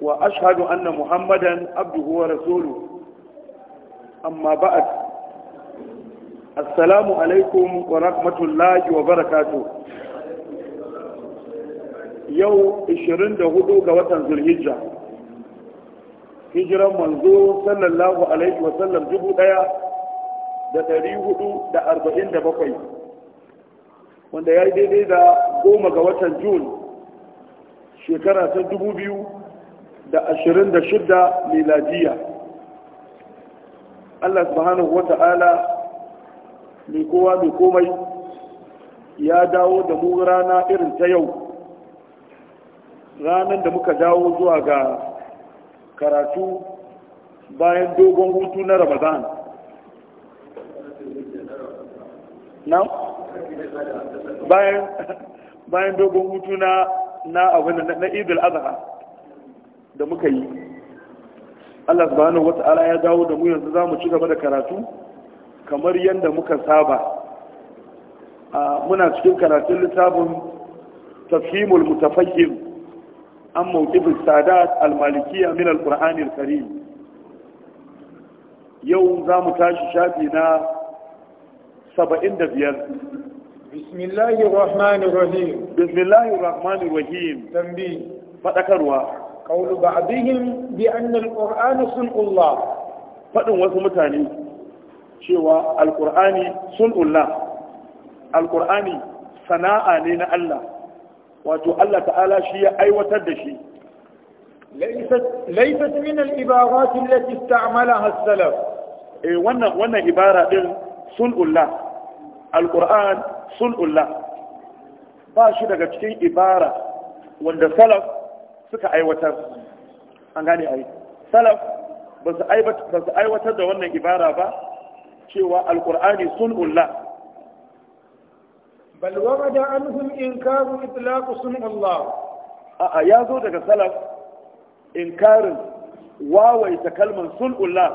wa ashhadu anna muhammadan abduhu wa rasuluhu amma ba'd assalamu alaikum wa rahmatullahi wa barakatuh yau 24 ga watan zulhijja hijiran manzo sallallahu alaihi wa sallam dubu daya da dari hudu da arba'in da bakwai wanda ya yi daidai da goma ga watan jun shekara ta dubu biyu da ashirin da shida miladiya Allah subhanahu wata'ala mai kowa mai komai ya dawo da mu rana irin ta yau ranar da muka dawo zuwa ga karatu bayan dogon hutu na ramadan bayan dogon hutu na abin na idul da muka yi Allah subhanahu wata'ala ya dawo da mu yanzu za mu ci gaba da karatu kamar yadda muka saba muna cikin karatun littafin tafhimul mutafahim an mawqifis sadat al-malikiyya min al karim yau za mu tashi shafi na 75 bismillahir rahmanir rahim bismillahir rahmanir rahim tambi fadakarwa قول بعضهم بأن القرآن صنع الله فإن وسمتاني شوى القرآن صنع الله القرآن سناء لنا الله واتو الله تعالى شيء أي وتدشي ليست ليست من العبارات التي استعملها السلف إيه وانا وانا عبارة صنع الله القرآن صنع الله باشي لك daga عبارة وانا سلف suka aiwatar an gane a yi. salaf ba su aiwatar da wannan ibara ba cewa alkur'ani an bal warada anhum inkaru sun sun'ullah a ya zo daga salaf in karin wawaita sun ulla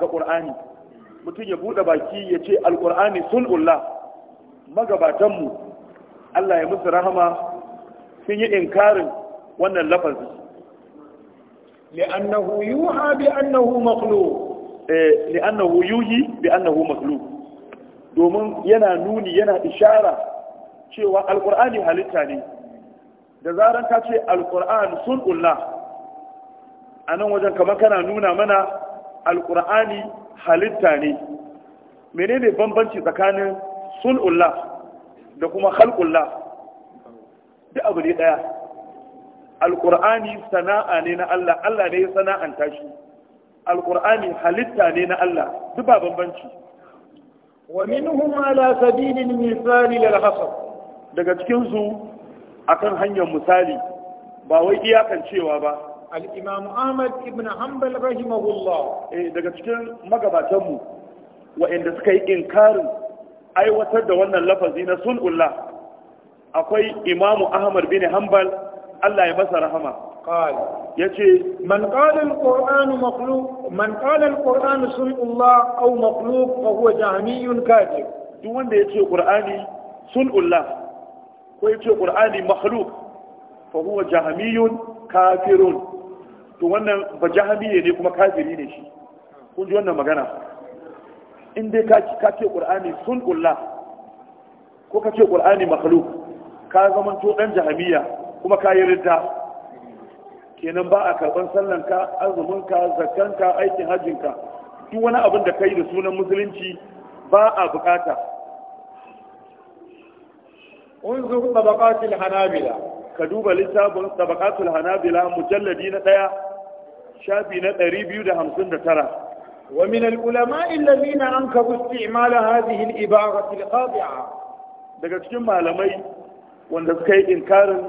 ga ƙur'ani. mutum ya bude baki ya ce alkur'ani ulla. magabatanmu Allah ya musu rahama sun yi inkarin wannan lafazi li'annahu yuha bi annahu makhluq eh li'annahu domin yana nuni yana ishara cewa alqur'ani halitta ne da zarar ka ce alqur'an sunullah anan wajen kamar kana nuna mana Alƙur'ani halitta ne menene bambanci tsakanin sunullah da kuma khalqullah duk abu ne daya Alkur'ani sana'a ne na Allah Allah ne ya sana'anta shi Alkur'ani halitta ne na Allah duk ba bambanci wa minhum ala sabili misali lil hasab daga cikin su akan hanyar misali ba wai iyakan cewa ba al-imam Ahmad ibn Hanbal rahimahullah eh daga cikin magabatanmu wa'anda suka yi inkarin aiwatar da wannan lafazi na sunullah akwai imamu ahmad bin hanbal Allah ya masa rahama ya ce man qala al-qur'anu makhluq man qala al-qur'anu sunullah aw makhluq fa huwa jahmiyun kafir duk wanda ya ce sun sunullah ko ya ce qur'ani makhluq fa kuwa jahmiyun kafirun to wannan ba jahmiye ne kuma kafiri ne shi kun ji wannan magana in dai ka ce sun sunullah ko ka ce qur'ani makhluq ka zamanto dan jahmiya kuma ka yi ridda kenan ba a karban sallanka azuminka zakkanka aikin hajjinka duk wani abin da ka yi da sunan musulunci ba a bukata unzur tabaqatil hanabila ka duba littafin tabaqatul hanabila mujalladi na daya shafi na 259 ومن العلماء الذين أنكروا استعمال هذه الإبارة الخاطئة daga cikin malamai wanda suka yi inkarin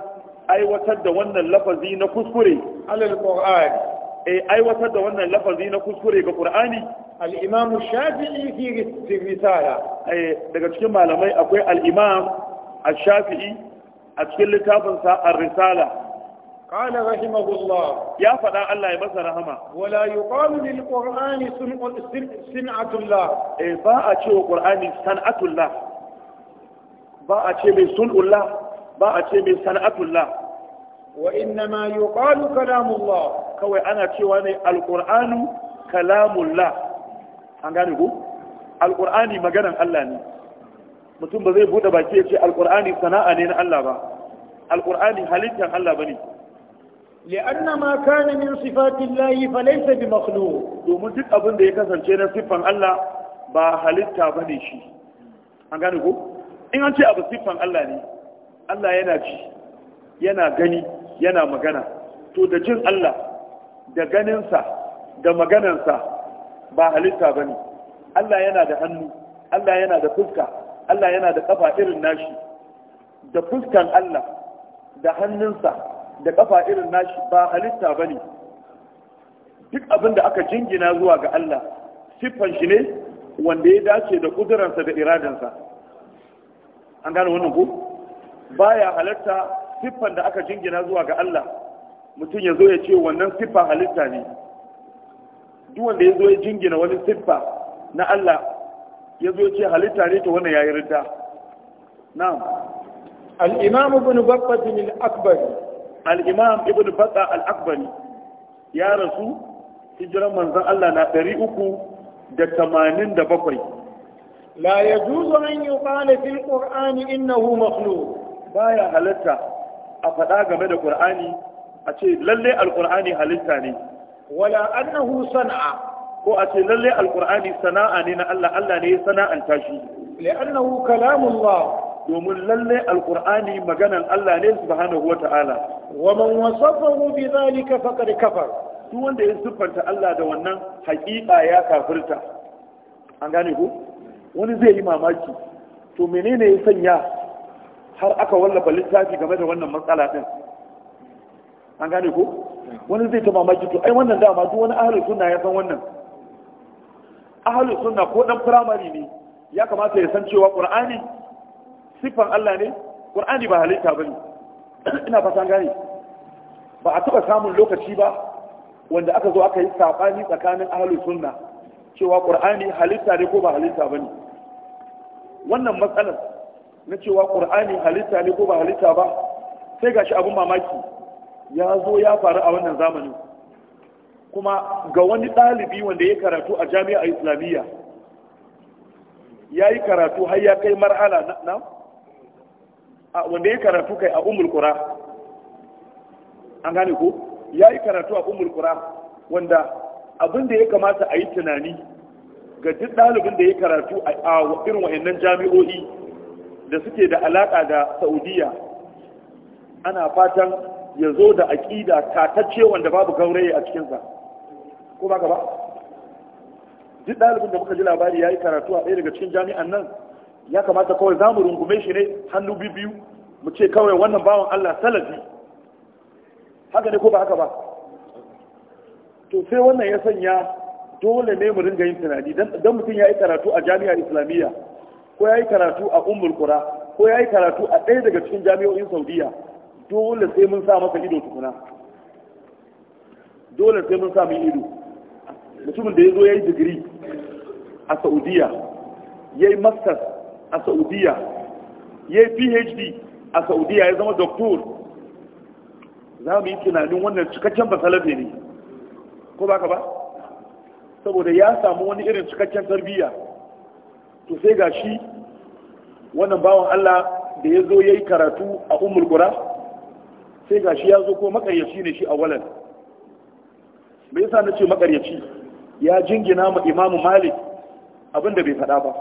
aiwatar da wannan lafazi na kuskure alal qur'an E aiwatar da wannan lafazi na kuskure ga qur'ani al imam shafi'i fi risala eh daga cikin malamai akwai al imam ash-shafi'i a cikin littafin sa ar-risala qala rahimahullah ya fada Allah ya masa rahama wala yuqalu lil qur'ani sun'atullah eh ba a cewa qur'ani san'atullah ba a ce mai sun'ullah ba a ce mai sana'atullah wa inna ma yuqalu kalamullah kawai ana cewa ne alqur'anu kalamullah an gane ku alqur'ani maganan Allah ne mutum ba zai bude baki ya ce alqur'ani sana'a ne na Allah ba alqur'ani halittar Allah bane لأن ما كان من صفات الله فليس بمخلوق domin duk abin da ya kasance na siffan Allah ba halitta bane shi an gane ko in an ce abu siffan Allah ne Allah yana ci yana gani yana magana to da jin Allah da ganinsa da maganansa ba halitta ba ne Allah yana da hannu Allah yana da fuska Allah yana da kafa irin nashi da fuskan Allah da hannunsa da kafa irin nashi ba halitta ba ne duk abin da aka jingina zuwa ga Allah siffan shi ne wanda ya dace da kuduransa da iradansa an gane wannan ku? baya halatta siffan da aka jingina zuwa ga Allah mutum ya zo ya ce wannan siffa halitta ne duk wanda ya zo ya jingina wani siffa na Allah ya zo ya ce halitta ne to wannan yayin ridda na'am al-imam ibn battah al akbar al-imam ibn battah al-akbari ya rasu hijiran manzon Allah na 387 لا يجوز أن يقال في qur'ani إنه مخلوق baya halitta. a faɗa game da qur'ani a ce lalle alqur'ani halitta ne wala annahu sana'a ko a ce lalle alqur'ani sana'a ne na Allah Allah ne ya sana'anta shi li'annahu kalamullah domin lalle alkur'ani maganan Allah ne subhanahu wa ta'ala wa man wasafahu bi zalika faqad kafar duk wanda ya siffanta Allah da wannan haƙiƙa ya kafirta an gane ko wani zai yi mamaki to menene ya sanya har aka wallafa littafi game da wannan matsala din an gane ko wani zai ta mamaki to ai wannan dama duk wani ahlus sunna ya san wannan ahlus sunna ko dan primary ne ya kamata ya san cewa qur'ani sifan Allah ne qur'ani ba halitta bane ina fata gane ba a taba samun lokaci ba wanda aka zo aka yi sabani tsakanin ahlus sunna cewa qur'ani halitta ne ko ba halitta bane wannan matsalar na cewa ƙur'ani halitta ne ko ba halitta ba sai gashi abin mamaki ya zo ya faru a wannan zamanin kuma ga wani ɗalibi wanda ya karatu a jami'a islamiyya ya yi karatu har ya kai marhala na wanda ya karatu kai a umul kura an gane ko ya yi karatu a umul kura wanda abin da ya kamata a yi tunani ga duk ɗalibin da ya karatu a irin wa'annan jami'o'i da suke da alaƙa da saudiya ana fatan ya zo da aƙida tatacce wanda babu gauraye a cikinsa ko ba ba duk ɗalibin da muka ji labari ya yi karatu a ɗaya daga cikin jami'an nan ya kamata kawai za mu rungume shi ne hannu biyu mu ce kawai wannan bawan allah salafi haka ne ko ba haka ba to sai wannan ya sanya dole ne mu ringa yin tunani don mutum ya yi karatu a jami'ar islamiyya ko ya yi karatu a umar kura ko ya yi karatu a ɗaya daga cikin jami'o'in saudiya dole sai mun sa masa ido tukuna dole sai mun sa mai ido mutumin da ya zo ya yi digiri a saudiya ya yi masters a saudiya ya yi phd a saudiya ya zama doktor za mu yi tunanin wannan cikakken basalabe ne ko ba ka ba saboda ya samu wani irin cikakken tarbiyya to sai ga shi wannan bawan Allah da ya zo ya yi karatu a umar gura sai gashi ya zo ko makaryaci ne shi a walar me sa na ce makaryaci ya jingina ma imamu malik abinda bai faɗa ba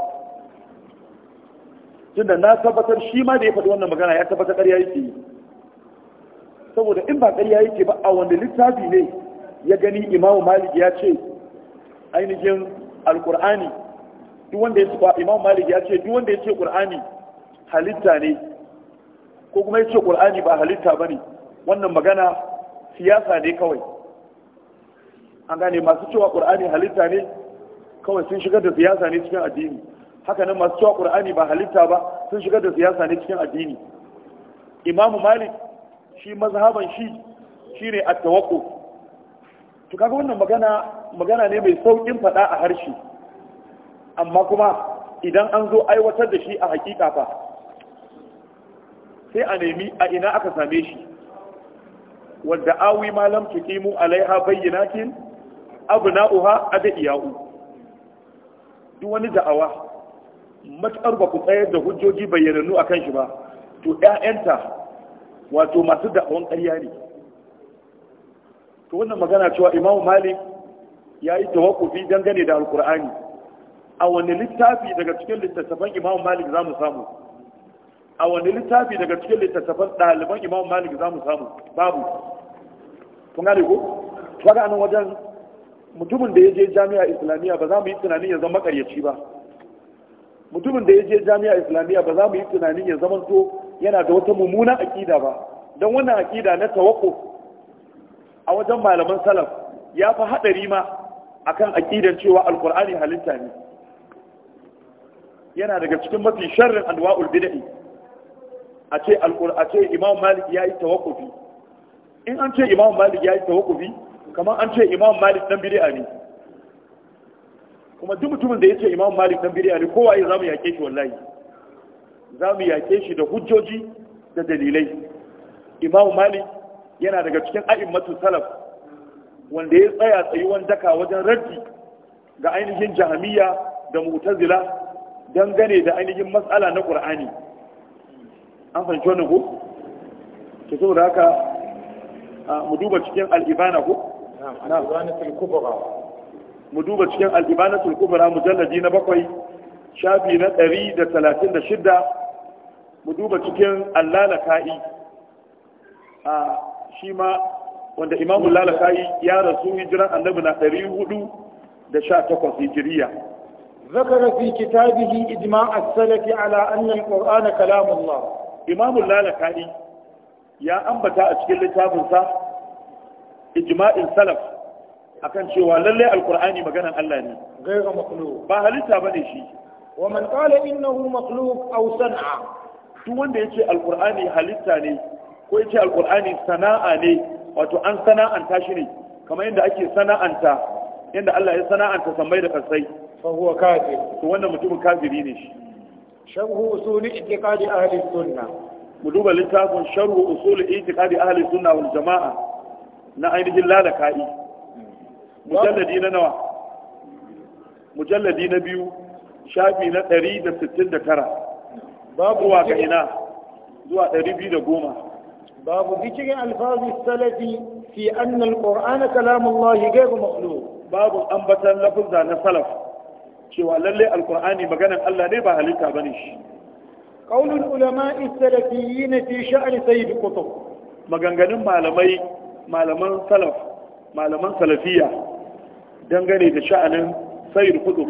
tunda na tabbatar shi ma da ya faɗi wannan magana ya tabbatar ƙarya yake yi saboda in ba ƙarya yake ba a wanda littafi ne ya gani imamu malik ya ce ainihin alkur'ani duk wanda ya ba imam malik ya ce duk wanda ya ce qur'ani halitta ne ko kuma ya ce qur'ani ba halitta bane wannan magana siyasa ne kawai an gane masu cewa qur'ani halitta ne kawai sun shigar da siyasa ne cikin addini haka nan masu cewa qur'ani ba halitta ba sun shigar da siyasa ne cikin addini imam malik shi mazhaban shi shine at-tawakkuf to kaga wannan magana magana ne mai saukin fada a harshe amma kuma idan an zo aiwatar da shi a hakika fa sai a nemi a ina aka same shi wadda awi malam tukimu alaiha bayyinatin abna'uha adiyahu duk wani da'awa matsar ba ku tsayar da hujjoji bayyanannu akan shi ba to 'ya'yanta wato masu da'awan ƙarya ne to wannan magana cewa imamu malik ya yi tawakkufi dangane da alkur'ani a wani littafi daga cikin littattafan imamu malik za mu samu a wani littafi daga cikin littattafan ɗaliban imamu malik za mu samu babu kun gane ko kaga anan wajen mutumin da ya je jami'a islamiyya ba za mu yi tunanin ya zama makaryaci ba mutumin da ya je jami'a islamiyya ba za mu yi tunanin ya zama to yana da wata mummuna aƙida ba don wannan aƙida na tawakko. a wajen malaman salaf ya fi haɗari ma akan aƙidan cewa Alƙur'ani halitta ne yana daga cikin mafi sharrin anwa'ul bid'i a ce a ce imam malik yayi tawakkufi in an ce imam malik yayi tawakkufi kamar an ce imam malik dan bid'a ne kuma duk mutumin da ya ce imam malik dan bid'a ne kowa ya zamu yake shi wallahi zamu yake shi da hujjoji da dalilai imam malik yana daga cikin a'immatu salaf wanda ya tsaya tsayuwan daka wajen raddi ga ainihin jahamiya da mu'tazila dangane da ainihin matsala na ƙur'ani an fahimci wannan ko? ke da haka mu duba cikin al'ibana ko? mu duba cikin al'ibana tulkubura mujallaji na bakwai shafi na ɗari da talatin da shidda mu duba cikin allalaka'i a shi ma wanda imamun lalaka'i ya rasu hijiran annabi na ɗari hudu da sha takwas hijiriya ذكر في كتابه إجماع السلف على أن القرآن كلام الله إمام الله لكاني يا أنبتا أشكل لتابنسا إجماع السلف akan cewa lalle alkur'ani maganan Allah ne gaira makhluq ba halitta bane shi wa man qala innahu makhluq aw san'a duk wanda yace alkur'ani halitta ne ko alkur'ani sana'a ne wato an sana'anta shi ne kamar yadda ake sana'anta yadda Allah ya sana'anta sammai da kasai fa kaji. kafir wannan mutumin kafiri ne shi sharhu usul i'tiqadi ahli sunna mu duba littafin sharhu usul i'tiqadi ahli sunna wal jamaa na ainihin lalaka'i mujalladi na nawa mujalladi na biyu shafi na 169 babu wa ina zuwa 210 babu bikin alfazi salafi fi anna alqur'ana kalamullah ghayr makhluq babu ambatan lafza na salaf cewa lalle alkur'ani maganan Allah ne ba halitta bane shi qaulul ulama'i salafiyyin fi sha'r sayyid qutb maganganun malamai malaman salaf malaman salafiya dangane da sha'anin sayyid qutb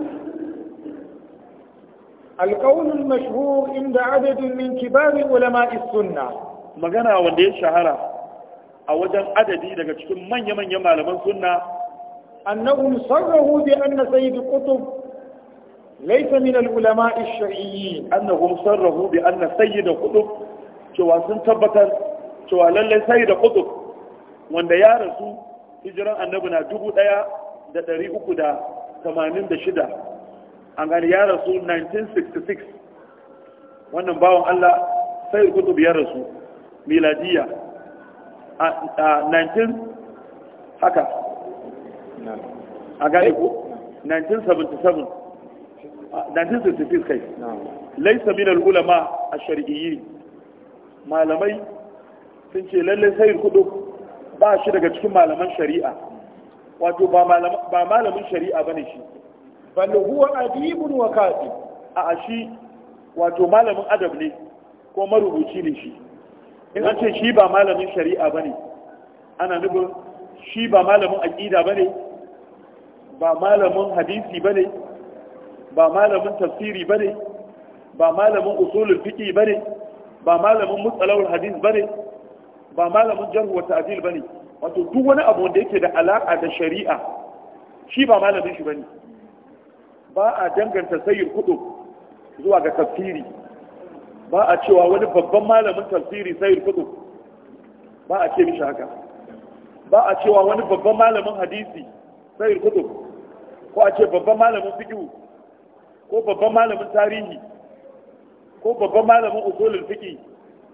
القول المشهور عند عدد من كبار علماء السنة مغنى wanda ya shahara a wajen adadi daga cikin manya-manyan malaman sunna annahum sarrahu bi anna ليس من العلماء الشرعيين أنهم صرفوا بأن سيد قطب cewa sun tabbatar cewa lallai sai da kudu wanda ya rasu hijiran annabi na dubu ɗaya da ɗari uku da tamanin da shida an ya rasu 1966 wannan bawan allah sai da kutub rasu miladiya a a 1977 1966 kai laisa min al-ulama shari'iyyi shariyyi malamai sun ce lalle sai kudu ba shi daga cikin malaman shari'a wato ba malamin shari'a bane shi bal huwa adibun wa katib a shi wato malamin adab ne ko marubuci ne shi in an ce shi ba malamin shari'a bane ana nufin shi ba malamin aqida bane ba malamin hadisi bane ba malamin tafsiri bane ba malamin usulul fiqh bane ba malamin mustalahul hadith bane ba malamin jarh wa ta'dil bane wato duk wani abu wanda yake da alaƙa da shari'a shi ba malamin shi ba ne. ba a danganta sayyid kudu zuwa ga tafsiri ba a cewa wani babban malamin tafsiri sayyid kudu ba a ce mishi haka ba a cewa wani babban malamin hadisi sayyid kudu ko a ce babban malamin fiqh ko babban malamin tarihi ko babban malamin usulul fiqi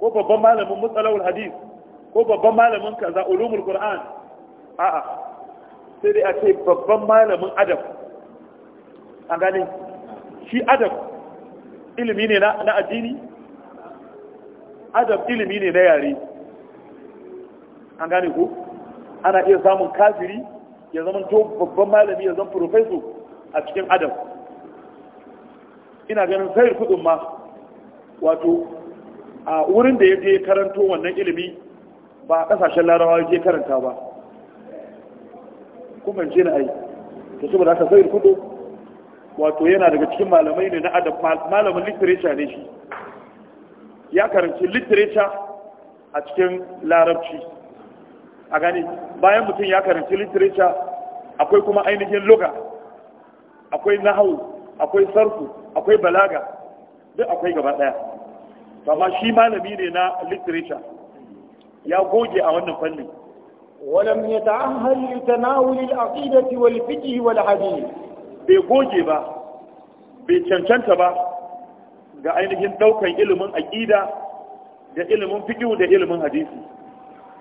ko babban malamin mutsalawul hadis ko babban malamin kaza ulumul qur'an a'a sai dai a ce babban malamin adab an gane shi adab ilimi ne na addini adab ilimi ne na yare an gane ko ana iya samun kafiri ya zama to babban malami ya zama professor a cikin adab ina ganin sayar kudin ma wato a wurin da ya je karanto wannan ilimi ba a kasashen larabawa ya je karanta ba kuma je na ai ta saboda haka sayar kudin wato yana daga cikin malamai ne na adab malamin literature ne shi ya karanci literature a cikin larabci a gani bayan mutum ya karanci literature akwai kuma ainihin loga akwai nahawu akwai sarfu akwai balaga duk akwai gaba daya amma shi malami ne na literature ya goge a wannan fannin ولم يتعهد لتناول العقيدة والفقه والحديث bai goge ba bai cancanta ba ga ainihin daukan ilimin aƙida da ilimin fiƙiu da ilimin hadisi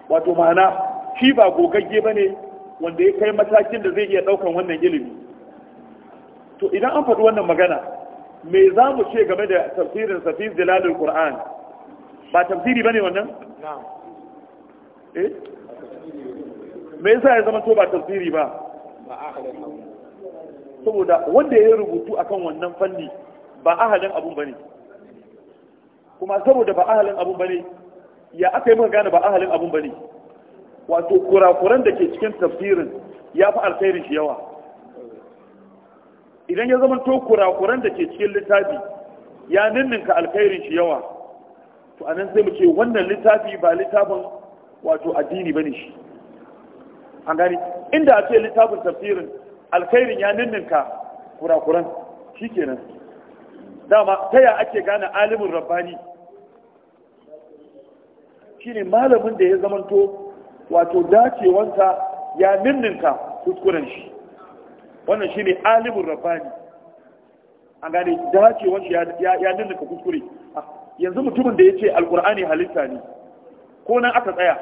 wato ma'ana shi ba gogagge ba ne wanda ya kai matakin da zai iya ɗaukar wannan ilimi to idan an faɗi wannan magana me za mu ce game da tafsirin safi zilalul qur'an ba tafsiri bane wannan eh? me yasa ya zama to ba tafsiri ba saboda wanda ya rubutu akan wannan fanni ba ahalin abun ne, kuma saboda ba ahalin abun ne ya aka yi muka gane ba ahalin abun ne, wato kurakuran da ke cikin tafsirin ya fi alkhairin shi yawa idan ya zama to kurakuran da ke cikin littafi ya ninninka alkhairin shi yawa to anan sai mu ce wannan littafi ba littafin wato addini bane shi an gani inda a ce littafin tafsirin alkhairin ya ninninka kurakuran shikenan dama ta ya ake gane alimin rabbani shine malamin da ya to wato dacewansa ya ninninka kuskuren shi wannan shi ne alibin Rabani. A gane dacewar shi ya ninnuka kuskure ah, yanzu mutumin da ya ce alkur'ani halitta ne ko nan aka tsaya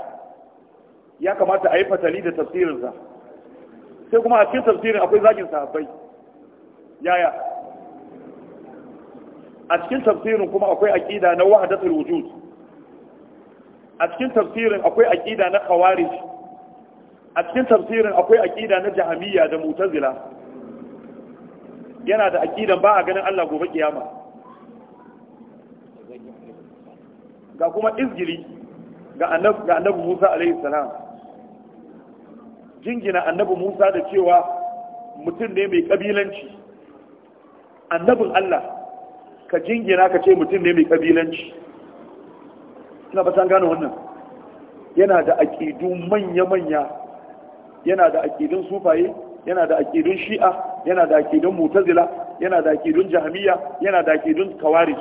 ya kamata a yi fatali da tafsirinsa sai kuma a cikin tafsirin akwai zagin sahabbai yaya a cikin tafsirin kuma akwai aƙida na wahdatul wujud a cikin tafsirin akwai aƙida na khawarij a cikin tafsirin akwai aƙida na jahamiyya da mutazila yana da aƙidan ba a ganin Allah gobe kiyama ga kuma izgiri ga annabi Musa alaihi salam jingina annabi Musa da cewa mutum ne mai kabilanci annabin Allah ka jingina ka ce mutum ne mai kabilanci ina ba san gane wannan yana da aƙidu manya-manya yana da aqidun sufaye yana da aqidun shi'a yana da aqidun mu'tazila yana da aqidun jahmiya yana da aqidun kawarij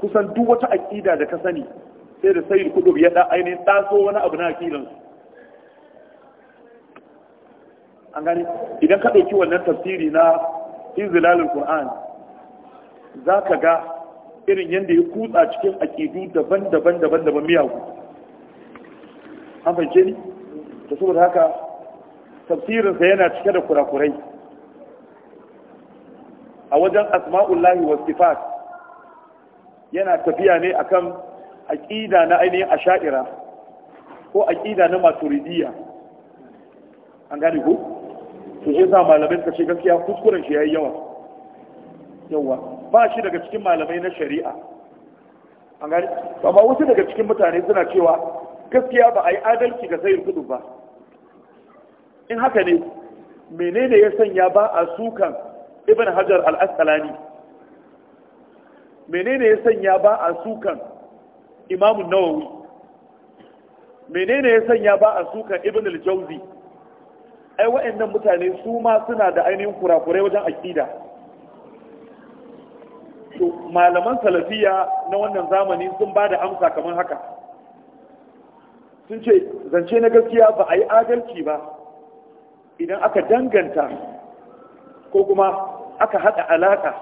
kusan duk wata aqida da ka sani sai da sayyid kudub ya da ainihin taso wani abu na aqidan an gani idan ka dauki wannan tafsiri na inzilalul qur'an zaka ga irin yadda ya kutsa cikin aƙidu daban-daban daban-daban miyagu an fahimce ni da saboda haka tafsirinsa yana cike da kurakurai a wajen asma'ullahi wa sifat yana tafiya ne akan aƙida na ainihin asha'ira ko aƙida na maturidiyya an gane ku to shi sa malamai suka ce gaskiya kuskuren shi yayi yawa yawa ba shi daga cikin malamai na shari'a an gane amma wasu daga cikin mutane suna cewa gaskiya ba a yi adalci ga sayar kudu ba in haka ne menene ya sanya ba a sukan ibn hajar al-asqalani menene ya sanya ba a sukan imamu nawawi menene ya sanya ba a sukan ibn al-jawzi ai wa'annan mutane su ma suna da ainihin kurakurai wajen aƙida to malaman salafiya na wannan zamani sun ba da amsa kamar haka sun ce zance na gaskiya ba a yi adalci ba idan aka danganta ko kuma aka haɗa alaƙa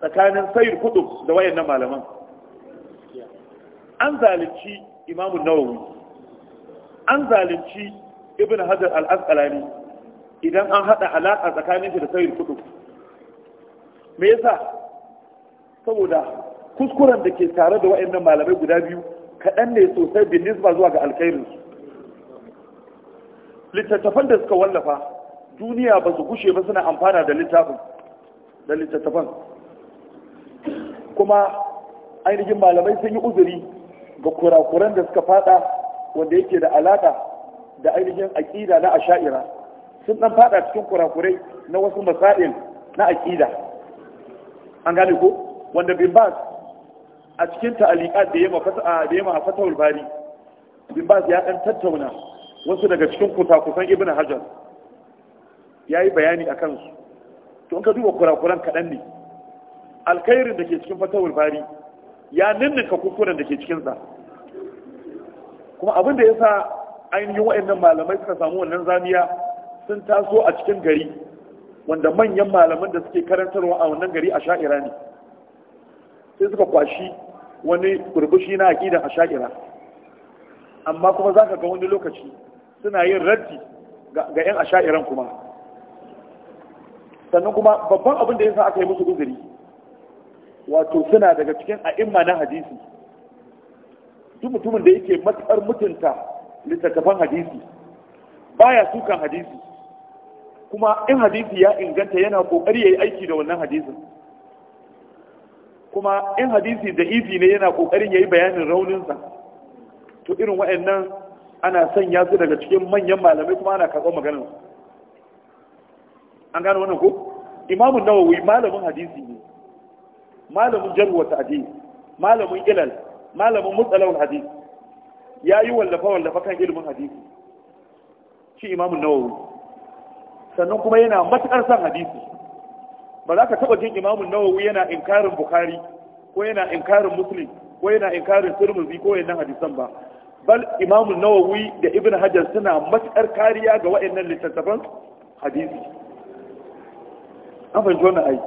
tsakanin sayar kudu da wayannan malaman an zalunci imamun nawawi an zalunci ibn hajar al'asƙalani idan an haɗa alaƙa tsakanin shi da sayar kudu me yasa saboda kuskuren da ke tare da wayannan malamai guda biyu kaɗan ne sosai bin nisba zuwa ga alkhairinsu littattafan da suka wallafa duniya ba su gushe ba suna amfana da littafin da littattafan kuma ainihin malamai sun yi uzuri ga kurakuran da suka fada wanda yake da alaka da ainihin aƙida na asha'ira sun dan fada cikin kurakurai na wasu mas'adin na aƙida an gane ko wanda bin a cikin ta'aliƙa da ya mafata fatawul bari bin ya dan tattauna wasu daga cikin kusa-kusan ibn hajar ya yi bayani a kansu to in ka duba kurakuran kaɗan ne Alkairin da ke cikin fatawar bari ya ninninka kukunan da ke cikinsa kuma abin da ya sa ainihin wa'annan malamai suka samu wannan zamiya sun taso a cikin gari wanda manyan malaman da suke karantarwa a wannan gari a sha'ira ne sai suka kwashi wani kurbushi na aƙidan a sha'ira amma kuma za ka ga wani lokaci suna yin raddi ga 'yan asha'iran kuma sannan kuma babban abin da yasa aka yi musu uzuri wato suna daga cikin a'imma na hadisi duk mutumin da yake matsar mutunta littattafan hadisi baya sukan hadisi kuma in hadisi ya inganta yana kokari yayi aiki da wannan hadisin kuma in hadisi da izi ne yana kokarin yayi bayanin rauninsa to irin waɗannan ana sanya su daga cikin manyan malamai kuma ana karɓar maganar an gano wannan ko imamun nawawi malamin hadisi ne malamin jarwa ta'adi malamin ilal malamin mutsalawar hadisi ya yi wallafa wallafa kan ilimin hadisi shi imamun nawawi sannan kuma yana matuƙar son hadisi ba za ka taɓa jin imamun nawawi yana inkarin bukari ko yana inkarin musulun ko yana inkarin turmuzi ko yana hadisan ba bal imamun nawawi da ibn hajar suna matuƙar kariya ga waɗannan littattafan hadisi an fahimci wannan ai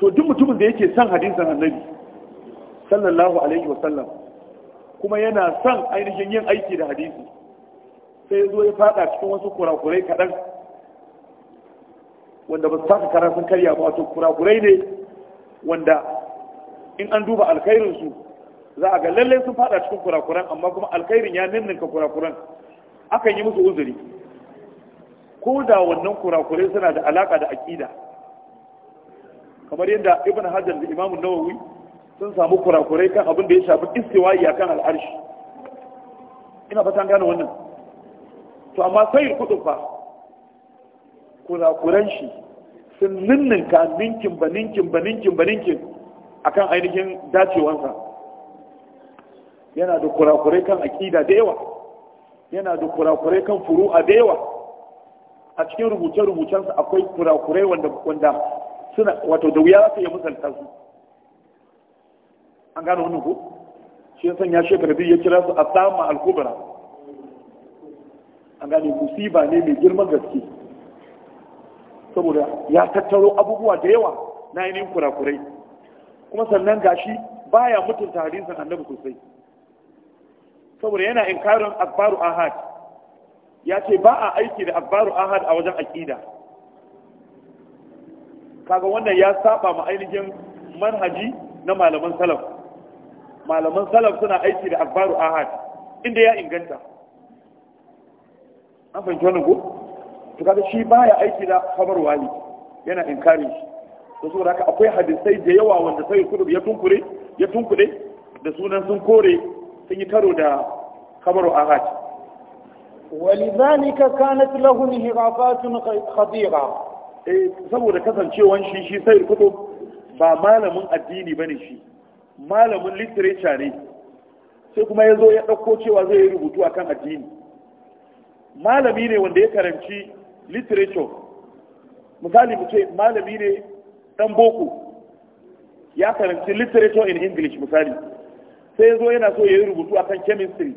to duk mutumin da yake son hadisin annabi sallallahu alaihi wasallam kuma yana son ainihin yin aiki da hadisi sai ya zo ya fada cikin wasu kurakurai kaɗan wanda ba su taka kara sun karya ba wato kurakurai ne wanda in an duba alkhairinsu za a ga lallai sun fada cikin kurakuran amma kuma alkhairin ya ninninka kurakuran akan yi musu uzuri ko da wannan kurakurai suna da alaka da aƙida kamar yadda ibn hajar da imamun nawawi sun samu kurakurai kan abin da ya shafi istiwayi akan al'arshi ina fatan gane wannan to amma sayar kudin fa kurakuran shi sun ninninka ninkin ba ninkin ba ninkin ba ninkin akan ainihin dacewansa yana da kurakurai kan aƙida da yawa yana da kurakurai kan furu'a da yawa a cikin rubuce-rubucensa akwai kurakurai wanda wanda suna wato da wuya za su iya su an gano wannan ko shi san ya shekara biyu ya kira su a sama al-kubra an gane musiba ne mai girman gaske saboda ya tattaro abubuwa da yawa na ainihin kurakurai kuma sannan gashi baya mutunta hadisin annabi sosai saboda yana inkarin akbaru ahad ya ce ba a aiki da akbaru ahad a wajen aƙida kaga wannan ya saba ma ainihin manhaji na malaman salaf malaman salaf suna aiki da akbaru ahad inda ya inganta an fahimci wannan ko to kaga shi baya aiki da khabar wali yana inkarin shi to saboda haka akwai hadisai da yawa wanda sai kudu ya tunkure ya tunkure da sunan sun kore sun yi karo da a خبر walizanika ولذلك كانت hirafatun khadira Eh, saboda kasancewan shi shi sai kutub ba malamin addini bane shi malamin literature ne sai kuma ya zo ya ɗauko cewa zai yi rubutu akan addini malami ne wanda ya karanci literature misali mu ce malami ne dan boko ya karanci literature in english misali sai ya zo yana so ya yi rubutu akan chemistry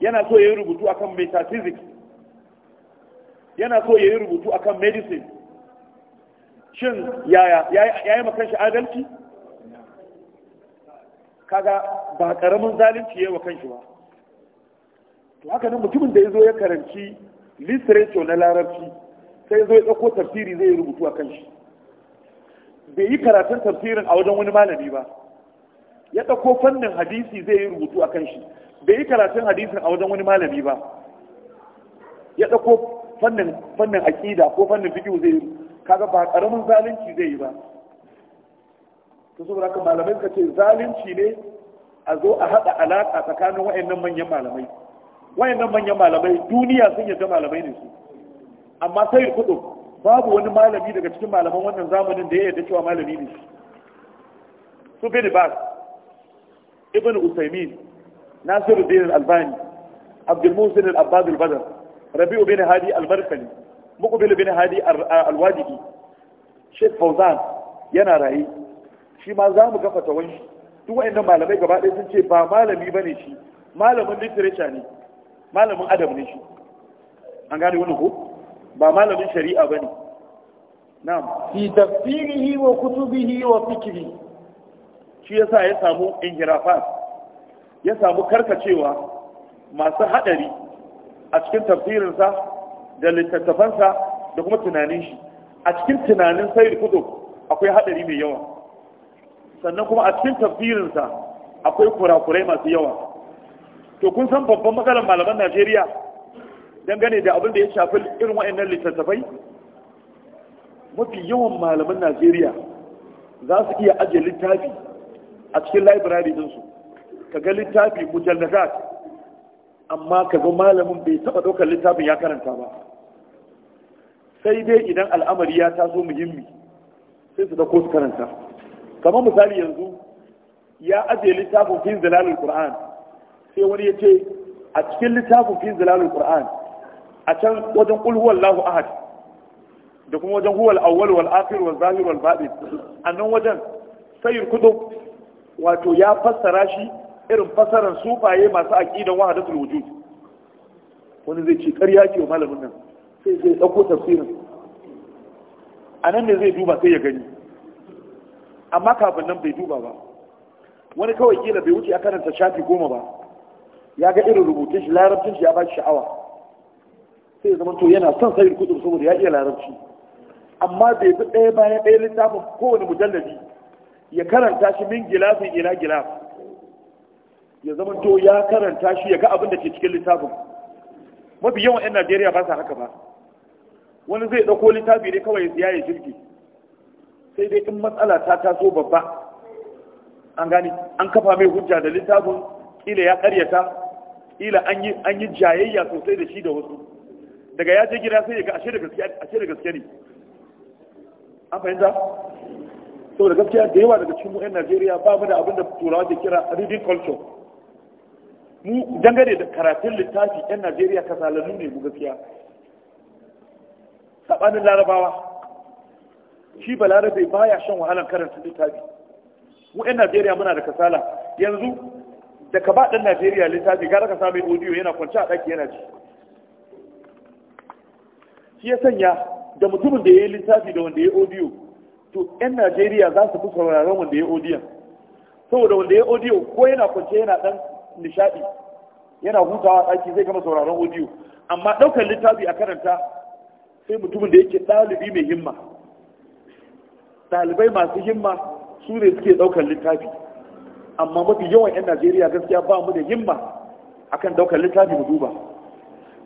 yana so ya yi rubutu akan metaphysics yana so ya yi rubutu akan medicine shin ya yi makanshi adalci kaga ba karamin zalunci ya yi wa shi ba to haka nan mutumin da ya zo ya karanci literature na larabci sai zo ya ɗauko tafsiri zai rubutu a shi. bai yi karatun tafsirin a wajen wani malami ba ya ɗauko fannin hadisi zai yi rubutu a kan shi bai yi karatun hadisin a wajen wani malami ba ya ɗauko fannin fannin aƙida ko fannin fiƙihu zai yi kaga ba ƙaramin zalunci zai yi ba ta saboda ka malamai suka ce zalunci ne a zo a haɗa alaƙa tsakanin wayannan manyan malamai wayannan manyan malamai duniya sun yarda malamai ne su amma sai kudu babu wani malami daga cikin malaman wannan zamanin da ya yarda cewa malami ne su bin ba ibn usaimin nasiruddin al-albani abdul musin al-abbad al-badr rabi'u bin hadi al-barkali muqbil bin hadi uh, al-wadi'i sheikh fauzan yana raye shi ma za mu gafa tawon shi duk wa'annan malamai gaba ɗaya sun ce ba malami bane shi malamin literature ne malamin adab ne shi an gane wani ko ba malamin shari'a bane Na fi tafsirihi wa kutubihi wa shi ya sa ya samu inhirafat ya samu karkacewa masu haɗari a cikin tafsirinsa da littattafansa da kuma tunanin shi a cikin tunanin da kutub akwai hadari mai yawa sannan kuma a cikin tafsirinsa akwai kurakurai masu yawa to kun san babban matsalar malaman Najeriya dangane da abin da ya shafi irin waɗannan littattafai mafi yawan malaman Najeriya za su iya ajiye littafi a cikin library dinsu ka ga littafi mujalladat amma ka ga malamin bai taɓa ɗaukar littafin ya karanta ba sai dai idan al'amari ya taso muhimmi sai su dauko su karanta kamar misali yanzu ya ajiye littafin fi zilalul qur'an sai wani ya ce a cikin littafin fi zilalul qur'an a can wajen qul huwallahu ahad da kuma wajen huwal awwal wal akhir wal zahir wal annan wajen sayyid kutub wato ya fassara shi irin fassarar sufaye masu aqidan wahdatul wujud wani zai ce ƙarya ce wa malamin nan sai zai ɗauko tafsirin a nan ne zai duba sai ya gani amma kafin nan bai duba ba wani kawai kila bai wuce a karanta shafi goma ba ya ga irin rubutun shi larabcin shi ya ba sha'awa sai ya zama to yana son sayar kudin saboda ya iya larabci amma bai fi ɗaya bayan ɗaya littafin kowane mujallabi ya karanta shi min gilafin ila gilaf ya zama zamanto ya karanta shi ya ga abin da ke cikin littafin mafi yawan 'yan najeriya ba sa haka ba wani zai ɗauko littafi ne kawai ya ya jirgi sai dai in matsala ta taso babba an gani an kafa mai hujja da littafin ƙila ya karyata, ƙila an yi jayayya sosai da shi da wasu daga ya je gida sai ya ga ashe da gaske ne an fahimta saboda gaskiya da yawa daga cikin mu'ayin Najeriya ba mu da abin da turawa ke kira reading culture mu dangane da karatun littafi 'yan Najeriya kasalannu ne mu gaskiya saɓanin larabawa shi balarabe ya shan wahalar karanta littafi mu 'yan Najeriya muna da kasala yanzu da ka ba ɗan Najeriya littafi gara ka samu audio yana kwanci a ɗaki yana ji shi ya sanya da mutumin da ya yi littafi da wanda ya yi audio to 'yan najeriya za su fi sauraron wanda ya odiyon saboda wanda ya odiyo ko yana kwance yana ɗan nishaɗi yana hutawa ɗaki zai gama sauraron odiyo amma ɗaukar littafi a karanta sai mutumin da yake ɗalibi mai himma ɗalibai masu himma su ne suke ɗaukar littafi amma mafi yawan 'yan najeriya gaskiya ba mu da himma akan ɗaukar littafi mu duba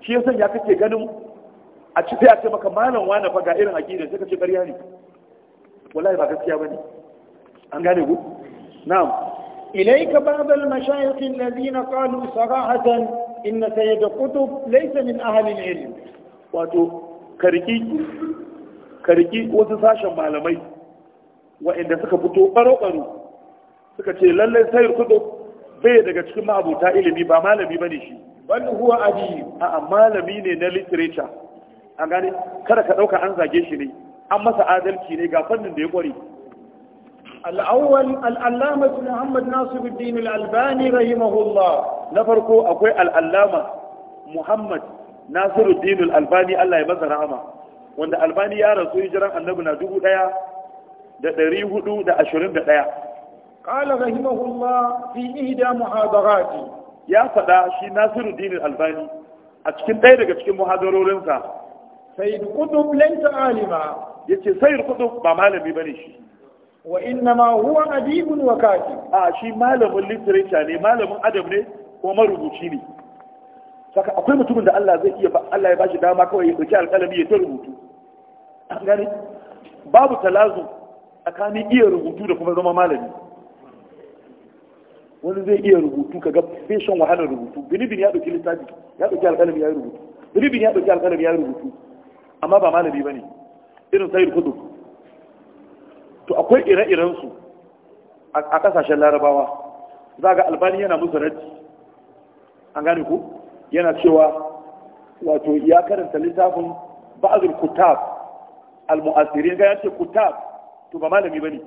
shi yasa ya kake ganin a ci sai ce maka malam wani faga irin aƙidar sai ka ce ƙarya ne wallahi ba gaskiya bane an gane ku na'am ilayka ba'd al-mashayikh alladhina qalu sarahatan inna sayyid qutb laysa min ahli al-ilm wato karki karki wasu sashen malamai inda suka fito baro-baro suka ce lallai sayyid qutb bai daga cikin ma'abuta ilimi ba malami bane shi bal huwa adi a malami ne na literature an gane kada ka dauka an zage shi ne an masa adalci ne ga fannin da ya kware. Al’awwal al’allama su Muhammad nasu biddinul albani rahimahullah na farko akwai al’allama Muhammad nasu biddinul albani Allah ya masa rahama wanda albani ya rasu hijiran annabi na dubu ɗaya da ɗari hudu da ashirin da ɗaya. Ƙala rahimahullah fi ihda muhadarati ya faɗa shi nasu biddinul albani a cikin ɗaya daga cikin muhadarorinsa سيد قطب ليس alima يتي سيد قطب ba malami bane shi wa inna ma huwa adibun wa kati a shi malamin literature ne malamin adam ne ko marubuci ne saka akwai mutumin da Allah zai iya Allah ya bashi dama kawai ya dauki alƙalami ya ta rubutu an gane babu talazu tsakanin wani zai iya rubutu ka ga fashion wahalar rubutu bilibin ya ɗauki littafi ya ɗauki alƙalami ya rubutu bilibin ya ɗauki alƙalami ya rubutu amma ba malami ba ne irin sayar kudu to akwai ire-irensu a kasashen larabawa za ga albani yana musu raddi an gane ku yana cewa wato ya karanta littafin ba'azul kutab al-mu'asirin ga yace kutab to ba malami bane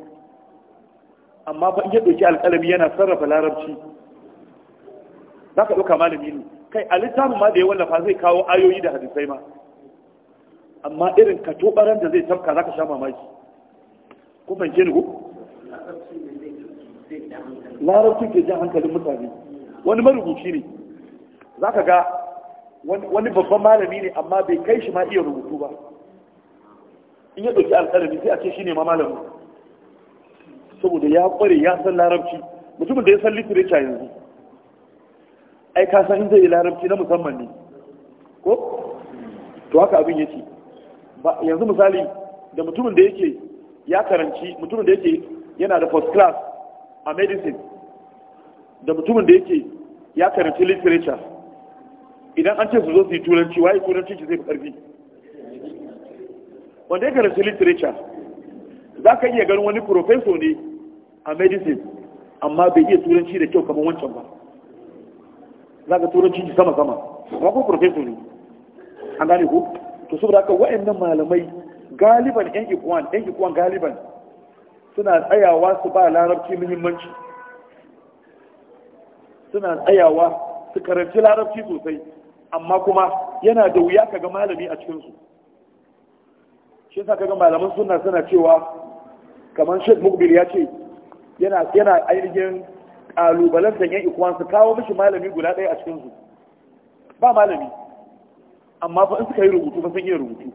amma fa yadda ke dauki alƙalami yana sarrafa larabci zaka ɗauka malami ne kai a littafin ma da ya wallafa zai kawo ayoyi da hadisai ma amma irin ka tubaran da zai tafka zaka sha mamaki ko ban ni ko larabci ke jan hankalin mutane wani marubuci ne zaka ga wani babban malami ne amma bai kai shi ma iya rubutu ba in ya ɗauki alƙalami sai a ce shi ne ma malamin saboda ya ƙware ya san larabci mutumin da ya san literature yanzu ai ka san zai yi larabci na musamman ne ko to haka abin ya yake yanzu misali da mutumin da yake ya karanci mutumin da yake yana da first class a medicine da mutumin da yake ya karanci literature idan an ce su zo su yi turanci waye turanci ki zai fi karfi wanda ya karanci literature za ka iya ganin wani professor ne a medicine amma bai iya turanci da kyau kamar wancan ba za ka turanci sama sama amma ko professor ne an gane ko to saboda haka wa'annan malamai galiban yan ikwan yan ikwan galiban suna tsayawa su ba larabci muhimmanci suna tsayawa su karanci larabci sosai amma kuma yana da wuya kaga malami a cikinsu shi yasa kaga malaman suna suna cewa kamar shek mukbir ya ce yana yana ainihin ƙalubalen yan ikwan su kawo mishi malami guda ɗaya a cikinsu ba malami amma fa in suka yi rubutu ba sun iya rubutu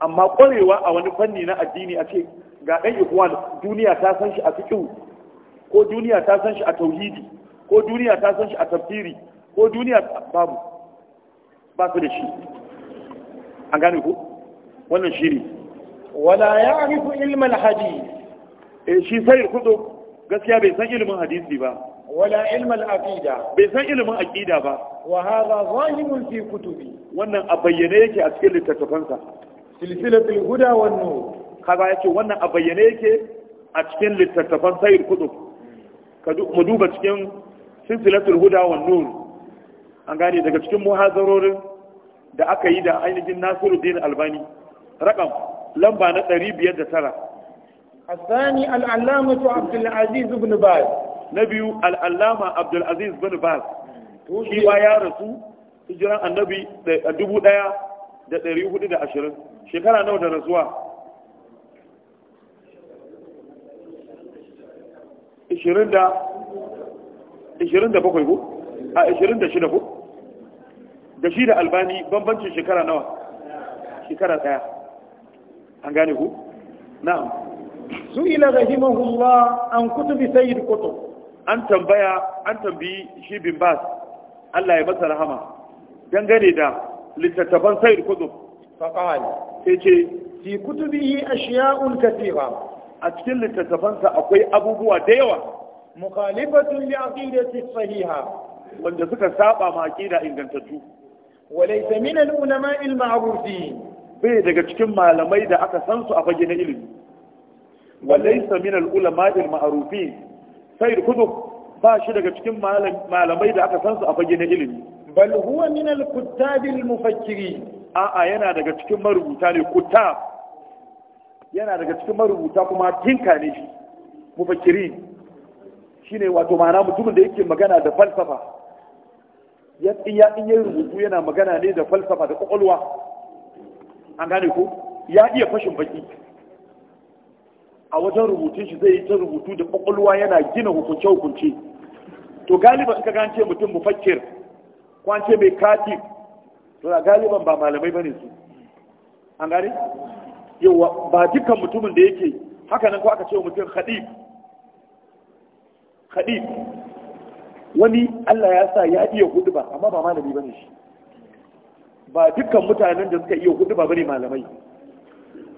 amma ƙwarewa a wani fanni na addini a ce ga ɗan ikuwan duniya ta san shi a fiƙihu ko duniya ta san shi a tauhidi ko duniya ta san shi a tafsiri ko duniya babu ba su da shi an gane ku wannan shi ne wala ya arifu ilmal hadis eh shi sai kudu gaskiya bai san ilimin hadisi ba wala ilmal aqida bai san ilmin aqida ba wa hadha zahimun fi kutubi wannan a bayyane yake a cikin littattafansa silsilatul huda wan nur kaza yake wannan a bayyane yake a cikin littattafan sayyid kutub mu duba cikin silsilatul huda wan nur an gane daga cikin muhazarorin da aka yi da ainihin Nasiruddin Albani rakam lamba na 509 الثاني العلامة عبد العزيز بن باز na biyu al'allama abdulaziz bin baz shi ma ya rasu hijiran annabi a dubu ɗaya da ɗari hudu da ashirin shekara nawa da rasuwa ishirin da bakwai ko a ishirin da shida ko da shi da albani bambancin shekara nawa shekara ɗaya an gane ku na'am su ila rahimahullah an kutubi sayyid kutub an tambaya an tambayi shi bin bas Allah ya masa rahama dangane da littattafan sayar kuzum faqal Ke ce fi kutubihi ashiya'un kathira a cikin littattafansa akwai abubuwa da yawa mukhalifatun li aqidati sahiha wanda suka saba ma aqida ingantattu walaysa min al-ulama al-ma'rufin bai daga cikin malamai da aka san su a fage na ilimi walaysa min al-ulama al-ma'rufin sayyid kutub ba shi daga cikin malamai da aka sansu a fage na ilimi bal huwa min al kuttab al mufakkiri a a yana daga cikin marubuta ne kuttab yana daga cikin marubuta kuma tinka ne shi mufakkiri shine wato ma'ana mutumin da yake magana da falsafa ya ya in rubutu yana magana ne da falsafa da kwakwalwa an gane ko ya iya fashin baki a wajen rubutun shi zai yi ta rubutu da kwakwalwa yana gina hukunce-hukunce to galiban ka gance mutum mufakir kwance mai kati to a galiban ba malamai bane su an gane yawa ba dukkan mutumin da yake haka nan ko aka ce mutum khadib khadib wani Allah ya sa ya iya hudu ba amma ba malami bane shi ba dukkan mutanen da suka iya hudu ba bane malamai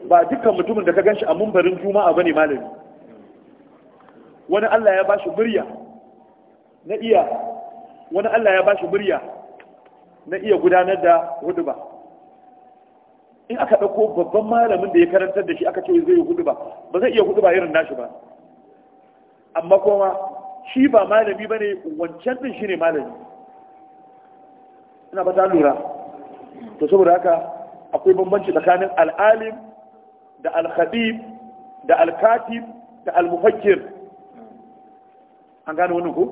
ba dukkan mutumin da ka ganshi a mumbarin juma'a bane malami wani Allah ya bashi murya na iya wani Allah ya bashi murya na iya gudanar da huduba in aka ɗauko babban malamin da ya karantar da shi aka ce zai yi huduba ba zai iya huduba irin nashi ba amma kuma shi ba malami ba ne wancan din shi ne malami ina ba ta lura to saboda haka akwai bambanci tsakanin al'alim da al-khatib da al-katib da al-mufakkir an gane wannan ko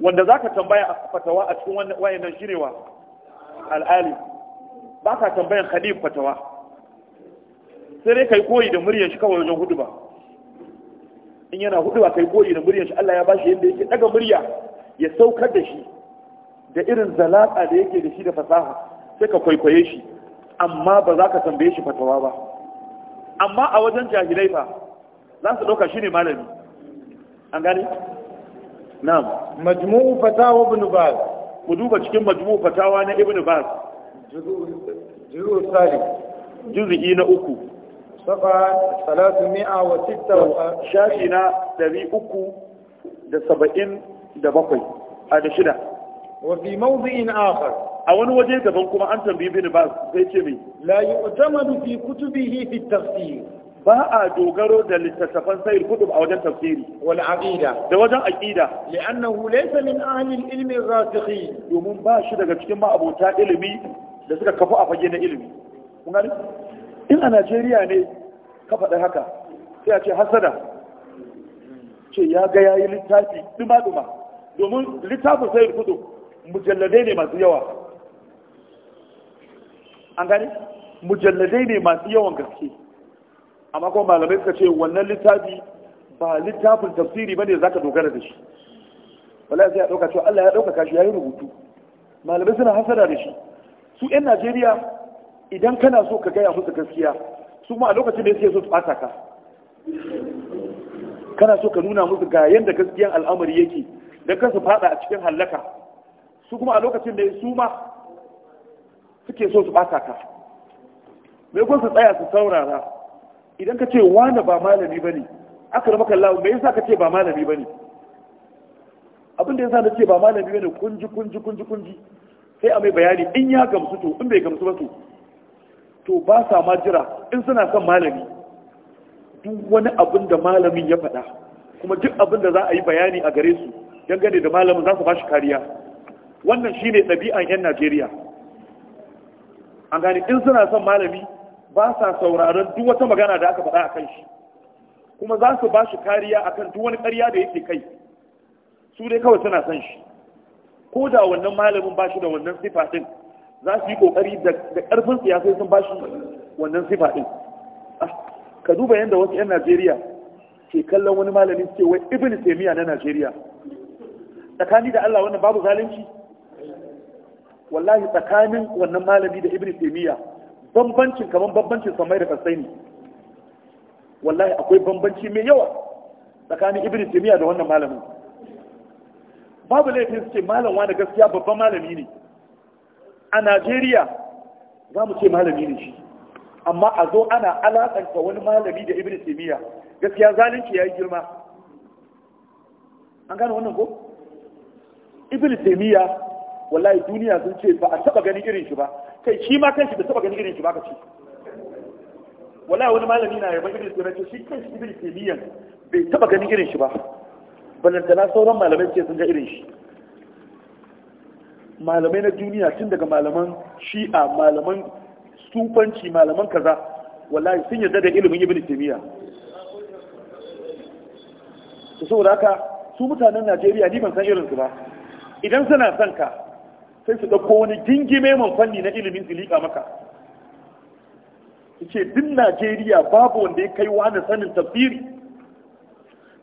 wanda zaka tambaya a fatawa a cikin nan shirewa al-alim baka tambayan khatib fatawa sai dai kai koyi da muryar shi kawai wajen hudu ba in yana hudu ba kai koyi da muryar shi Allah ya bashi yadda yake daga murya ya saukar da shi da irin zalaka da yake da shi da fasaha sai ka kwaikwaye shi amma ba za ka tambaye shi fatawa ba amma a wajen jahilai fa za su ɗauka shi ne malami an gani? na'am majmu'u fatawa ibn baz ku duba cikin majmu'u fatawa na ibn baz juzu sali. juzu'i na uku safa wa shafi na dari uku da da saba'in bakwai. a da shida wa fi in akar a wani waje daban kuma an tambayi bin ba sai ce mai la yu'tamadu fi kutubihi fi tafsir ba a dogaro da littattafan sayar kutub a wajen tafsiri wal aqida da wajen aqida li'annahu laysa min ahli al-ilmi rasikhi domin ba shi daga cikin ma'abota ilimi da suka kafu a fage na ilimi kun gani in a Najeriya ne ka faɗa haka sai a ce hasada ce ya ga yayi littafi duma duma domin littafin sayar kutub mujalladai ne masu yawa an gani mujalladai ne masu yawan gaske amma kuma malamai suka ce wannan littafi ba littafin tafsiri bane ka dogara da shi wallahi sai ya dauka cewa Allah ya dauka kashi yayin rubutu malamai suna hasara da shi su ɗan Najeriya idan kana so ka gaya musu gaskiya su ma a lokacin da yake so su fasaka. ka kana so ka nuna musu ga yanda gaskiyan al'amari yake dan kansu fada a cikin hallaka su kuma a lokacin da su ma suke so su ɓata ka me kun su tsaya su saurara idan ka ce wani ba malami ba ne aka rama lawan, me yasa ka ce ba malami ba ne abin da yasa na ce ba malami ba ne kunji kunji kunji kunji sai a mai bayani in ya gamsu to in bai gamsu ba to to ba sa ma jira in suna son malami duk wani abin da malamin ya faɗa kuma duk abin da za a yi bayani a gare su dangane da malamin za su ba shi kariya wannan shine ɗabi'an 'yan najeriya an gani in suna son malami ba sa sauraron duk wata magana da aka faɗa a kan shi kuma za su ba shi kariya akan duk wani ƙarya da yake kai su dai kawai suna son shi ko da wannan malamin ba shi da wannan sifa din za su yi kokari da ƙarfin siyasai sun ba shi wannan sifa din ah, ka duba yadda wasu 'yan najeriya ke kallon wani malami suke wai ibn na najeriya tsakani da allah wannan babu zalunci wallahi tsakanin wannan malami da ibn taymiya bambancin kaman bambancin samai da kasai ne wallahi akwai bambanci mai yawa tsakanin ibn taymiya da wannan malamin babu laifin su ce malam wani gaskiya babban malami ne a najeriya za mu ce malami ne shi amma a zo ana alaƙanta wani malami da ibn taymiya gaskiya zalunci ya yi girma an gane wannan ko ibn taymiya wallahi duniya sun ce ba a taba ganin irin shi ba kai shi ma kanshi da taba ganin irin shi ba ka ce wallahi wani malami na yaba irin su ce shi kanshi ibn taymiyyah bai taba ganin irin shi ba balantana sauran malamai ce sun ga irin shi malamai na duniya tun daga malaman shi'a malaman sufanci malaman kaza wallahi sun yarda da ilimin ibn taymiyyah to saboda haka su mutanen Najeriya ni ban san irin su ba idan suna son ka sai su ɗauko wani gingime man fanni na ilimin su liƙa maka ce din najeriya babu wanda ya kai wani sanin tafsiri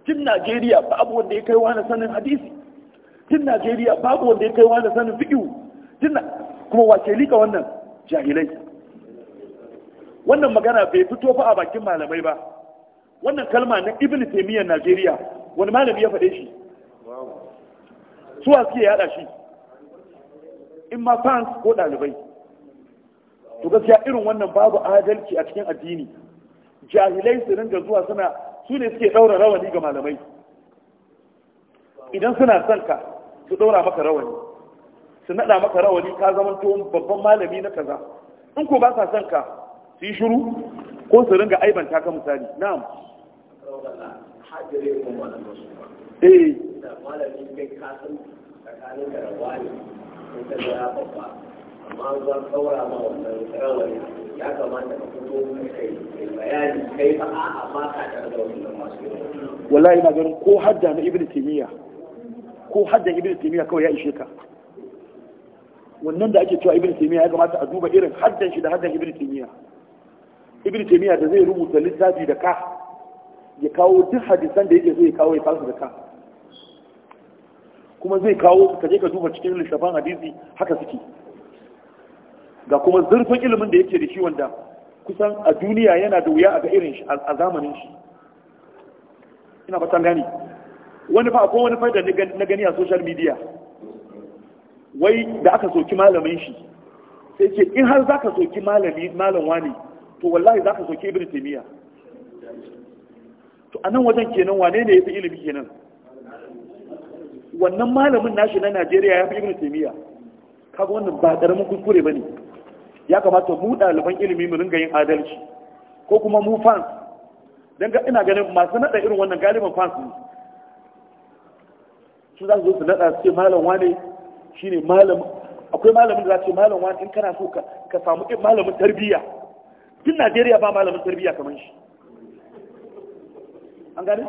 din najeriya babu wanda ya kai wani sanin hadisi din najeriya babu wanda ya kai wani sanin fiƙiwu kuma wace liƙa wannan jahilai wannan magana bai fito fa a bakin malamai ba wannan kalma na ibn taymiyyah najeriya wani malami ya faɗe shi suwa suke yada shi in ma fans ko ɗalibai to gaskiya irin wannan babu adalci a cikin addini jahilai su ringa zuwa suna su ne suke ɗaura rawani ga malamai idan suna son ka su ɗaura maka rawani su naɗa maka rawani ka zama tuwon babban malami na kaza in ko ba sa son ka su yi shiru ko su ringa aibanta ka misali na'am eh in ya ga babba amma an zuwa saura ma wannan rawani ya kamata ka fito kai bayani kai ba a'a ba ka tare da wannan masu yawa wallahi ina ganin ko hadda na ibnu taymiya ko hadda ibnu taymiya kawai ya ishe ka wannan da ake cewa ibnu taymiya ya kamata a duba irin haddan shi da haddan ibnu taymiya ibnu taymiya da zai rubuta littafi da ka ya kawo duk hadisan da yake so ya kawo ya kawo da ka kuma zai kawo ka je ka duba cikin lissafan hadisi haka suke ga kuma zurfin ilimin da yake da shi wanda kusan a duniya yana da wuya a ga irin shi a zamanin shi ina fatan gani wani fa akwai wani faida na gani a social media wai da aka soki malamin shi sai ce in har zaka soki malami malam wani to wallahi zaka soki ibnu taymiya to anan wajen kenan wane ne yafi ilimi kenan wannan malamin nashi na Najeriya ya fi Ibn Taymiyyah kaga wannan ba karamin kuskure bane ya kamata mu ɗaliban ilimi mu ringa yin adalci ko kuma mu fans dan ga ina ganin masu nada irin wannan galiban fans ne su za su zo su nada su ce malam wane shine malam akwai malamin da za ce malam wani in kana so ka samu malamin tarbiyya tun Najeriya ba malamin tarbiyya kamar shi an gane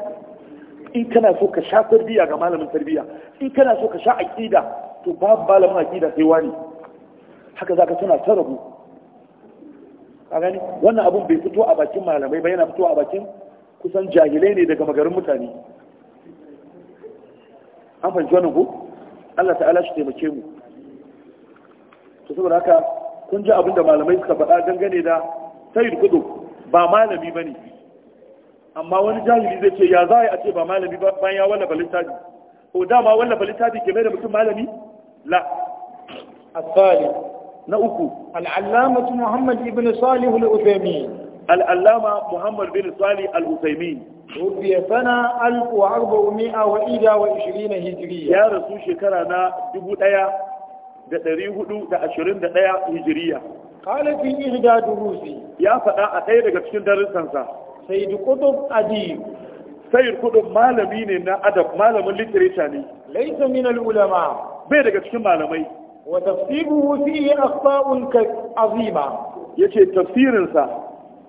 in kana so ka sha tarbiya ga malamin tarbiyya in kana so ka sha aqida to babu malamin aqida sai wani haka zaka tana ta rabu ka gani wannan abun bai fito a bakin malamai ba yana fito a bakin kusan jahilai ne daga magarin mutane an fahimci wannan ko Allah ta'ala shi taimake mu to saboda haka kun ji abin da malamai suka faɗa dangane da sayyid kudu ba malami bane amma wani jahili zai ce ya za a ce ba malami bayan ya wallafa littafi ko dama wallafa littafi ke mai da mutum malami la asali na uku al'allamatu muhammad ibn salih al-uthaymeen al'allama muhammad Ibn salih al-uthaymeen rubiya sana alfu arba umi'a wa ida wa ishirin hijiriya ya rasu shekara na dubu ɗaya da ɗari hudu da ashirin da ɗaya hijiriya kala fi ihda durusi ya faɗa a ɗaya daga cikin darussansa sai da kudin adi sayar kudin malami ne na adab malamin literature ne laisa min ulama bai daga cikin malamai wa tafsiruhu fihi akhta'un azima yace tafsirin sa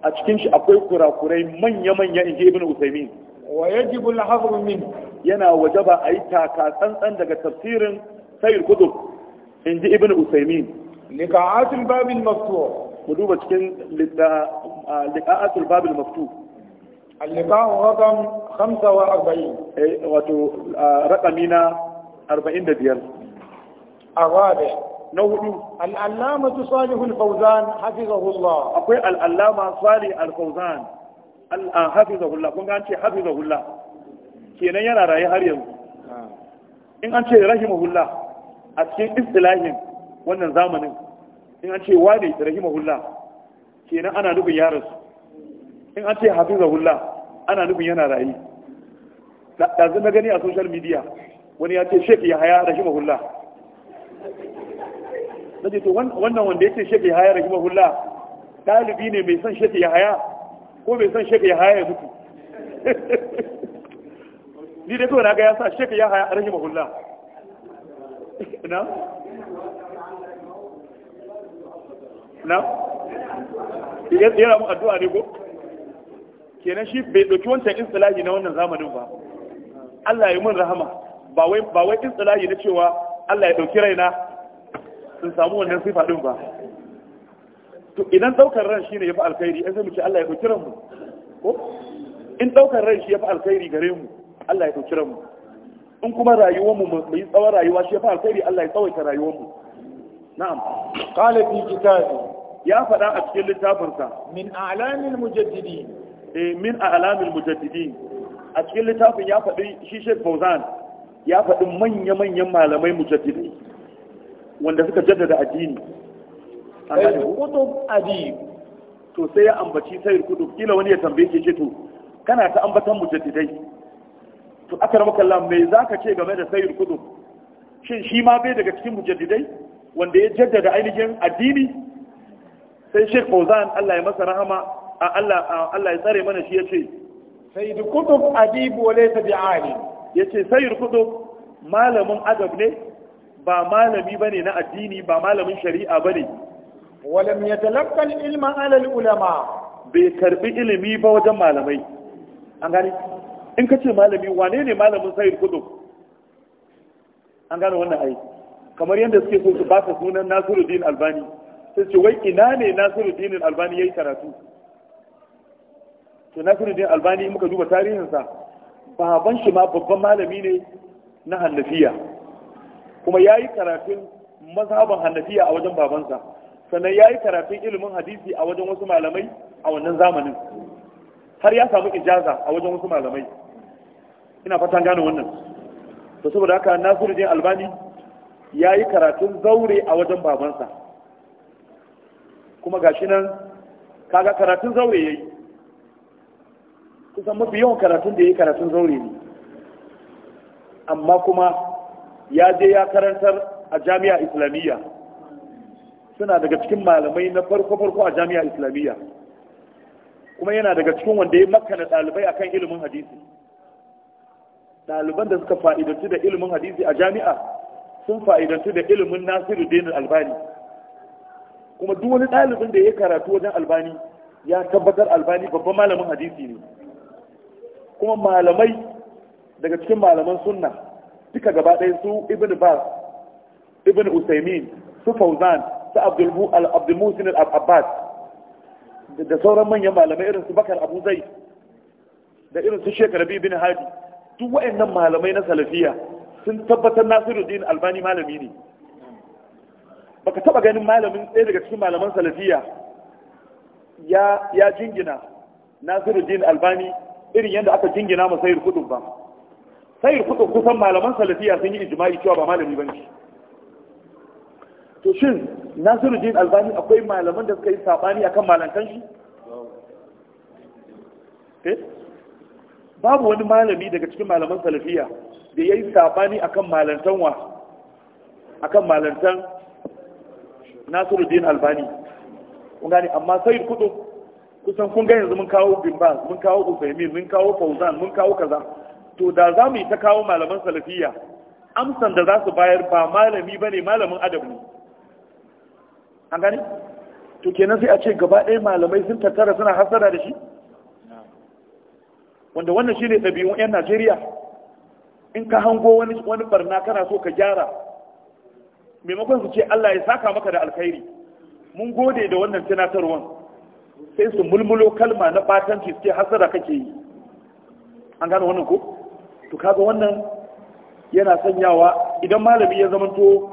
a cikin shi akwai kurakurai manya-manya inji ibn usaimin wa yajibu al-hazr min yana wajaba ayi taka tsantsan daga tafsirin sayar kudin inji ibn usaimin liqa'atul babil maftuh ku duba cikin liqa'atul babil maftuh Allikahu rakam hamsa wa arba'in. Eh, wato rakami na arba'in da biyar. Arabe. Na hudu. Al'allama tu salihu al-fawzan hafizahu Allah. Akwai al'allama salih al-fawzan. Allah hafizahu Allah. Kun ce hafizahu Allah. Kenan yana raye har yanzu. Ah. In an ce rahimahu Allah a cikin istilahin wannan zamanin. In an ce wane rahimahu Allah. Kenan ana nufin yaransu. in an ce hula, ana nufin yana rayu. ɗazu na gani a social media wani ya ce shek ya haya mahula na ce to wannan wanda ya ce shek ya haya mahula ɗalibi ne mai son shek ya haya ko mai son shek ya haya ya mutu ni dai kawai na ga ya sa shek ya haya mahula na na yana mu addu'a ne ko kenan shi bai ɗauki wancan istilahi na wannan zamanin ba Allah ya mun rahama ba wai ba wai istilahi na cewa Allah ya ɗauki raina sun samu wannan sifa din ba to idan ɗaukar ran shine yafi alkhairi sai mu ce Allah ya ɗauki ran mu ko in ɗaukar ran shi yafi alkhairi gare mu Allah ya ɗauki ran mu in kuma rayuwar mu mai tsawon rayuwa shi yafi alkhairi Allah ya tsawaita rayuwar mu na'am qala fi kitabi ya faɗa a cikin littafinsa min a'lamil mujaddidin Eh, min a alamin mujaddidi a cikin littafin ya faɗi shi shek fauzan ya faɗi manya-manyan malamai mujaddidi wanda suka jaddada addini to sai ya ambaci sayar kudu kila wani ya tambaye ke ce to kana ta ambatan mujaddidai to aka rama kallon mai za ka ce game da sayar kudu shin shi ma bai daga cikin mujaddidai wanda ya jaddada ainihin addini sai shek fauzan allah ya masa rahama Allah Allah ya tsare mana shi ya yace sayyid kutub adib wa laysa bi alim ce sayyid kutub malamin adab ne ba malami bane na addini ba malamin shari'a bane walam yatalaqqa al-ilma ala al-ulama bai karbi ilimi ba wajen malamai an gani in ka ce malami wane ne malamin sayyid kutub an gane wannan ai kamar yadda suke so su ba sunan nasiruddin albani sai ce wai ina ne nasiruddin albani yayi karatu to din albani muka duba tarihinsa baban shi ma babban malami ne na hannafiya kuma ya yi karatun mazhaban hannafiya a wajen babansa sannan ya yi karatun ilimin hadisi a wajen wasu malamai a wannan zamanin har ya samu ijaza a wajen wasu malamai ina fatan gane wannan to saboda haka nasiruddin albani ya yi karatun zaure a wajen babansa kuma gashi nan kaga karatun zaure ya yi kusan mafi yawan karatun da ya yi karatun zaure ne amma kuma ya je ya karantar a jami'a islamiyya suna daga cikin malamai na farko-farko a jami'a islamiyya kuma yana daga cikin wanda ya makana ɗalibai a kan ilimin hadisi ɗaliban da suka fa'idantu da ilimin hadisi a jami'a sun fa'idantu da ilimin nasiru denin albani kuma duk wani ɗalibin da ya karatu wajen albani ya tabbatar albani babban malamin hadisi ne kuma malamai daga cikin malaman sunna duka gaba ɗaya su ibn bas ibn usaimin su fauzan su abdul musin al-abbas da sauran manyan malamai irin su bakar abu zai da irin su shekara biyu bin hadi duk wa'annan malamai na salafiya sun tabbatar nasiruddin albani malami ne baka taba ganin malamin ɗaya daga cikin malaman salafiya ya jingina nasiruddin albani irin yadda aka jingina ma sayar kudu ba sayar kudu kusan malaman salafiya sun yi ijma'i cewa ba malami ba ne to shin Nasiru jin albani akwai malaman da suka yi sabani akan malantan shi eh? babu wani malami daga cikin malaman salafiya da ya yi sabani akan malantan wa akan malantan jin albani ungani amma sayar kudu kusan kun ga yanzu mun kawo bimba, mun kawo usaimin mun kawo fauzan mun kawo kaza to da za mu yi ta kawo malaman salafiya amsan da za su bayar ba malami ba ne malamin adab ne an gani to kenan sai a ce gaba ɗaya malamai sun tattara suna hasara da shi wanda wannan shi ne ɗabi'un 'yan najeriya in ka hango wani wani barna kana so ka gyara maimakon su ce allah ya saka maka da alkhairi mun gode da wannan tunatarwan sai su mulmulo kalma na batanci suke hasara kake yi an gano wannan ko to kaga wannan yana sanyawa idan malami ya zamanto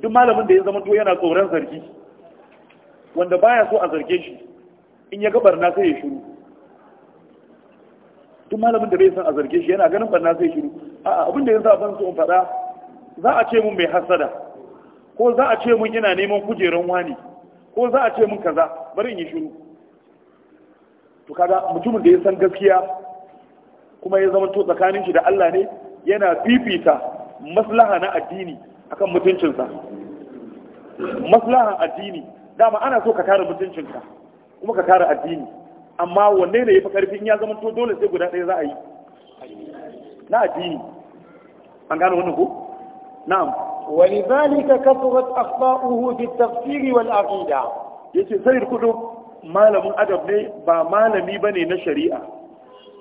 duk malamin da ya zamanto yana tsoron zargi wanda baya so a zarge shi in ya ga barna sai ya shiru duk malamin da bai san a zarge shi yana ganin barna sai ya shiru a'a abin da sa ban so in faɗa za a ce mun mai hasada ko za a ce mun ina neman kujeran wani ko za a ce min kaza bari in yi shiru to kaga mutumin da ya san gaskiya kuma ya zama to tsakanin shi da Allah ne yana fifita maslaha na addini akan mutuncinsa maslaha addini dama ana so ka kare mutuncinka kuma ka kare addini amma wanne ne yafi karfi in ya zama to dole sai guda ɗaya za a yi na addini an gane wannan ko na'am ولذلك كثرت أخطاؤه في التفسير والعقيدة yace sayar kudu malamin adab ne ba malami ba ne na shari'a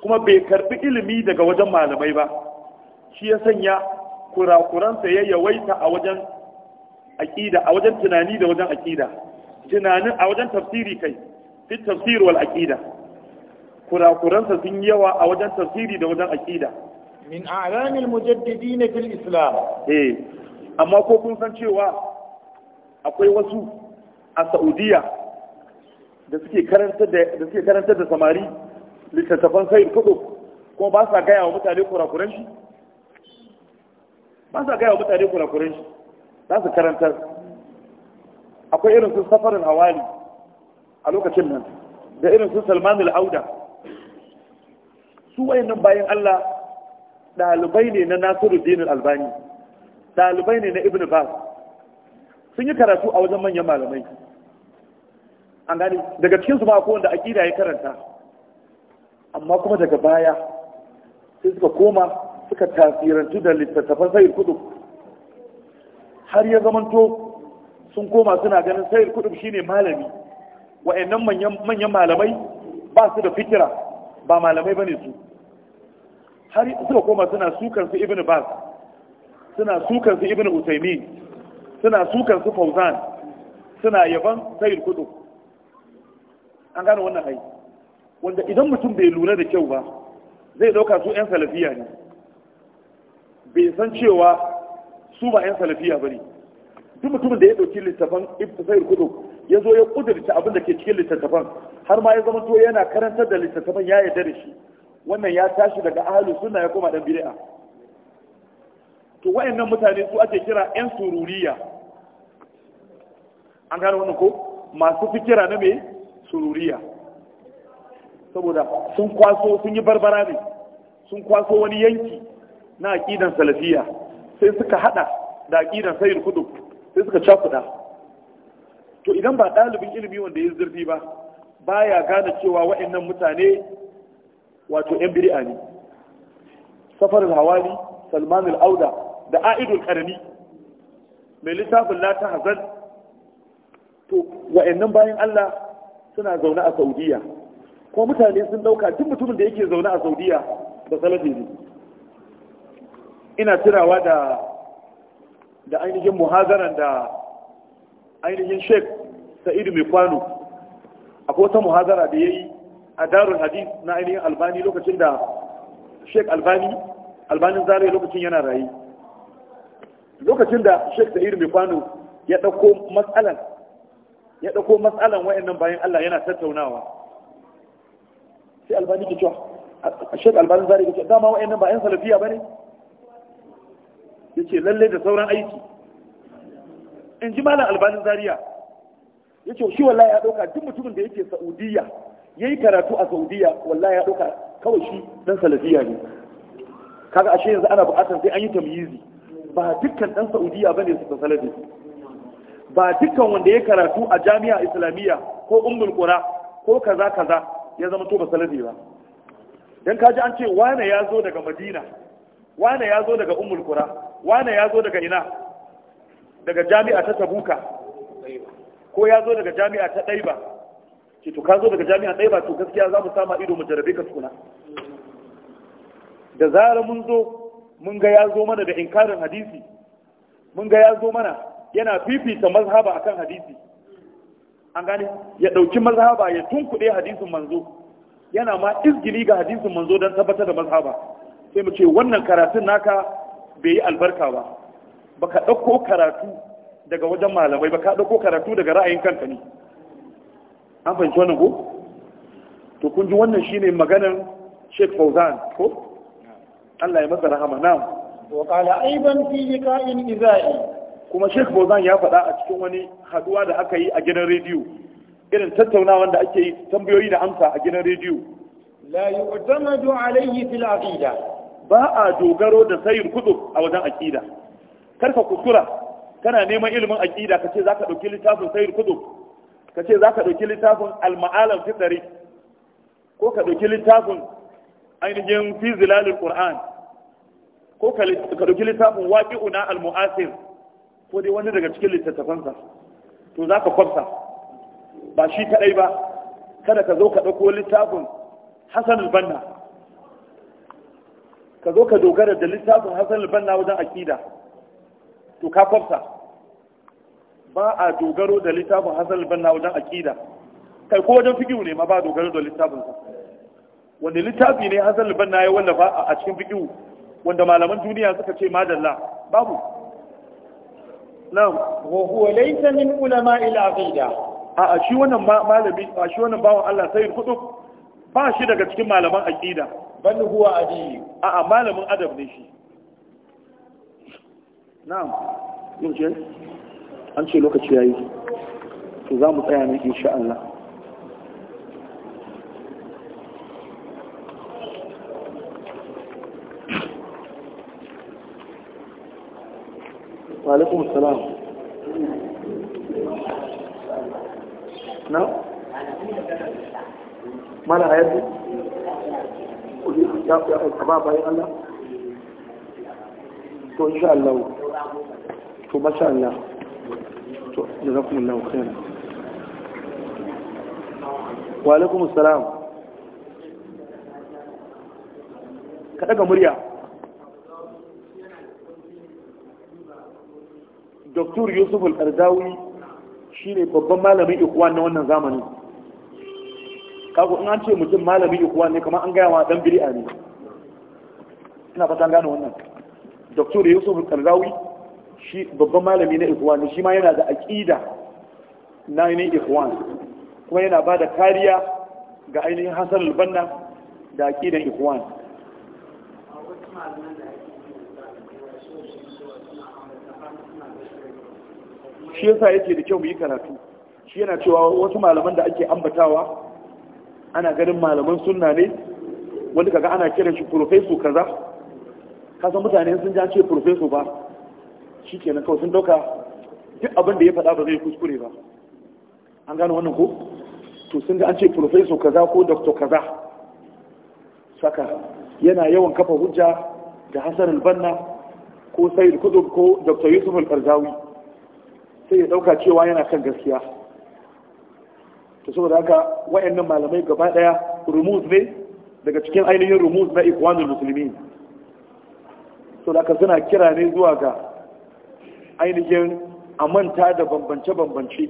kuma bai karbi ilimi daga wajen malamai ba shi ya sanya kurakuransa ya yawaita a wajen aƙida a wajen tunani da wajen aƙida tunanin a wajen tafsiri kai fi tafsir wal aƙida kurakuransa sun yawa a wajen tafsiri da wajen aƙida min a'lamil mujaddidin fil islam eh amma ko kun san cewa akwai wasu a saudiya da suke karantar da samari littattafan sai kudu kuma ba sa gaya wa mutane kurakuran shi ba sa gaya wa mutane kurakuran shi za su karantar akwai irin sun safarin hawali a lokacin nan da irin sun salman auda su wayannan bayan allah ɗalibai ne na nasiru dinin albani Dalibai ne na ibn bas sun yi karatu a wajen manyan malamai an gani daga cikin su ba ko wanda aqida ya karanta amma kuma daga baya sai suka koma suka tasirantu da littattafan sayar kudu har ya zamanto sun koma suna ganin sayar kudu shine malami wa'annan manyan malamai ba su da fikira ba malamai bane su har suka koma suna sukan su ibn bas suna sukan su ibn usaimin suna sukan su fauzan suna yaban sayil kudu an gano wannan hai wanda idan mutum bai lura da kyau ba zai dauka su yan salafiya ne bai san cewa su ba yan salafiya ba ne duk mutumin da ya dauki littafan sayil kudu ya zo ya kudurta abin da ke cikin littattafan har ma ya zama to yana karantar da littattafan ya yarda da shi wannan ya tashi daga ahlus sunna ya koma dan bid'a to wayannan mutane su ake kira yan sururiya an gano wannan ko masu fikira na mai sururiya saboda sun kwaso sun yi barbara ne sun kwaso wani yanki na aƙidan salafiya sai suka hada da aƙidan sayin kudu sai suka cakuda to idan ba ɗalibin ilimi wanda ya zurfi ba baya gane cewa waɗannan mutane wato 'yan biri'a ne safar hawali salman al'auda da a'idul karami mai littafin la ta hazan to wa'annan bayan Allah suna zaune a Saudiya ko mutane sun dauka duk mutumin da yake zaune a Saudiya ba salafi ne ina tirawa da da ainihin muhazaran da ainihin Sheikh Sa'idu Mai Kwano akwai wata muhazara da yayi a Darul Hadith na ainihin Albani lokacin da Sheikh Albani Albanin Zare lokacin yana rayu lokacin da Sheikh Sa'ir mai kwano ya ɗauko matsalan ya ɗauko matsalan wayannan bayan Allah yana tattaunawa sai albani ke cewa Sheikh Albani zari ke cewa dama wayannan ba ƴan salafiya bane yace lalle da sauran aiki in ji malam albanin Zariya yace shi wallahi ya ɗauka duk mutumin da yake Saudiya yayi karatu a Saudiya wallahi ya ɗauka kawai shi dan salafiya ne kaga ashe yanzu ana buƙatar sai an yi tamyizi ba dukkan ɗan saudiya ba ne su salafi ba dukkan wanda ya karatu a jami'a islamiyya ko ummul qura ko kaza kaza ya zama to ba salafi ba Don kaji an ce wane ya zo daga madina wane ya zo daga ummul qura wane ya zo daga ina daga jami'a ta tabuka ko ya zo daga jami'a ta ɗaiba ce to ka zo daga jami'a ɗaiba to gaskiya za mu sama ido mu jarabe ka tukuna da zarar mun zo mun ga ya zo mana da inkarin hadisi mun ga ya zo mana yana fifita mazhaba akan hadisi an gane ya ɗauki mazhaba ya tunkuɗe hadisin manzo yana ma izgili ga hadisin manzo don tabbatar da mazhaba sai mu ce wannan karatun naka bai yi albarka ba baka ɗauko karatu daga wajen malamai ba ka ɗauko karatu daga ra'ayin kanka ne an fahimci wannan ko to kun ji wannan shine maganar Sheikh Fauzan ko Allah ya masa rahama na'am wa qala aidan fi liqa'in izai kuma Sheikh Bozan ya faɗa a cikin wani haduwa da aka yi a gidan rediyo irin tattaunawa da ake yi tambayoyi da amsa a gidan rediyo la yu'tamadu alayhi fil aqida ba a dogaro da sayin kudu a wajen aqida karka kuskura kana neman ilimin aqida kace zaka dauki littafin sayin kutub kace zaka dauki littafin al-ma'alam fi ko ka dauki littafin ainihin fi zilalil qur'an ko ka ɗauki littafin waƙi'una al-mu'asir ko dai wani daga cikin littattafansa to za ka kwamsa ba shi kaɗai ba kada ka zo ka ɗauko littafin hassan al-banna ka zo ka dogara da littafin hassan al-banna wajen akida to ka kwamsa ba a dogaro da littafin hassan al-banna wajen akida kai ko wajen fikiyu ne ma ba a dogaro da littafinsa wanda littafi ne hassan al-banna ya wallafa a cikin fikiyu wanda malaman duniya suka ce madalla babu na'am wa huwa laysa min ulama al-aqida a a shi wannan malami a shi wannan bawon Allah sai kudu ba shi daga cikin malaman aqida bal huwa adi a a malamin adab ne shi na'am yau an ce lokaci yayi to za mu tsaya ne insha Allah وعليكم السلام نعم ما لها يد يا يا الشباب يا الله تو ان شاء الله تو ما شاء الله تو جزاكم الله خيرا وعليكم السلام كذا مريا Dr. Yusuf al shi ne babban malamin ikhwan na wannan zamani. kago in an ce mutum malamin ikhwan ne kamar an gaya wa dan bid'a ne ina fata gano wannan Dr. Yusuf Al-Qardawi shi babban malami na ikhwan ne shi ma yana da aqida na yin ikhwan kuma yana ba da kariya ga ainihin Hassan al-Banna da aqidan ikhwan shi yasa yake da kyau mu yi karatu shi yana cewa wasu malaman da ake ambatawa ana ganin malaman sunna ne wanda kaga ana kiran shi "Professor kaza san mutane sun ja ce "professor" ba shi kenan kawai sun dauka duk abin da ya faɗa ba zai kuskure ba an gano wannan ko to sun ga an ce "professor kaza ko doctor kaza saka yana yawan kafa hujja da hasan albanna ko sayyid kudub ko dr yusuf al-qarzawi sai ya dauka cewa yana kan gaskiya to saboda haka wayannan malamai gaba daya rumuz ne daga cikin ainihin rumuz na ikwanul muslimin to da suna kira ne zuwa ga ainihin a manta da bambance-bambance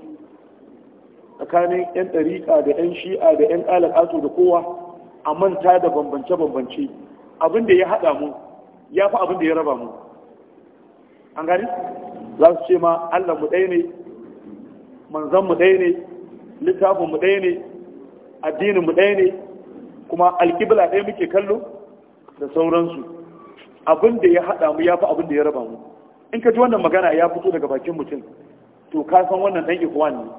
tsakanin 'yan ɗariƙa da 'yan shi'a da 'yan ƙalaƙato da kowa a manta da bambance-bambance abin da ya haɗa mu ya fi abin da ya raba mu an gani za su ce ma Allah mu ɗaya ne manzan mu ɗaya ne littafin mu ɗaya ne addinin mu ɗaya ne kuma alƙibla ɗaya muke kallo da sauransu abin da ya haɗa mu ya fi abin da ya raba mu in ka ji wannan magana ya fito daga bakin mutum to ka san wannan ɗan ikwan ne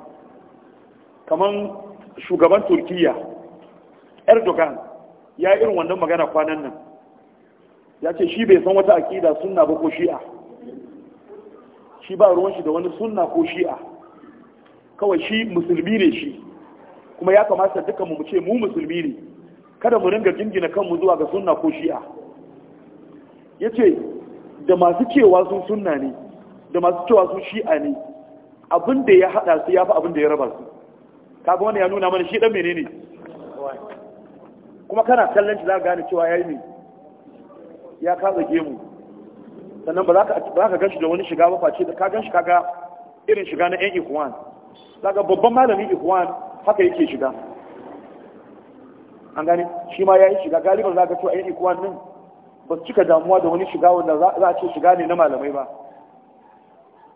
kamar shugaban turkiyya erdogan ya irin wannan magana kwanan nan ya ce shi bai san wata aƙida suna ba ko shi'a shi ba ruwan shi da wani sunna ko shi'a kawai shi musulmi ne shi kuma ya kamata dukkan mu ce mu musulmi ne kada mu ringa jingina kanmu zuwa ga sunna ko shi'a yace da masu cewa sun sunna ne da masu cewa sun shi'a ne abin da ya hada su ya fi abin da ya raba su kaga wannan ya nuna mana shi dan menene kuma kana kallon shi za ka gane cewa yayi ne ya kaza gemu sannan ba za ka ganshi da wani shiga ba face da ka ganshi kaga irin shiga na 'yan ikwan daga babban malamin ikuwan haka yake shiga an gani shi ma ya yi shiga galibar za ka cewa 'yan ikuwan nan? ba su cika damuwa da wani shiga wanda za a ce shiga ne na malamai ba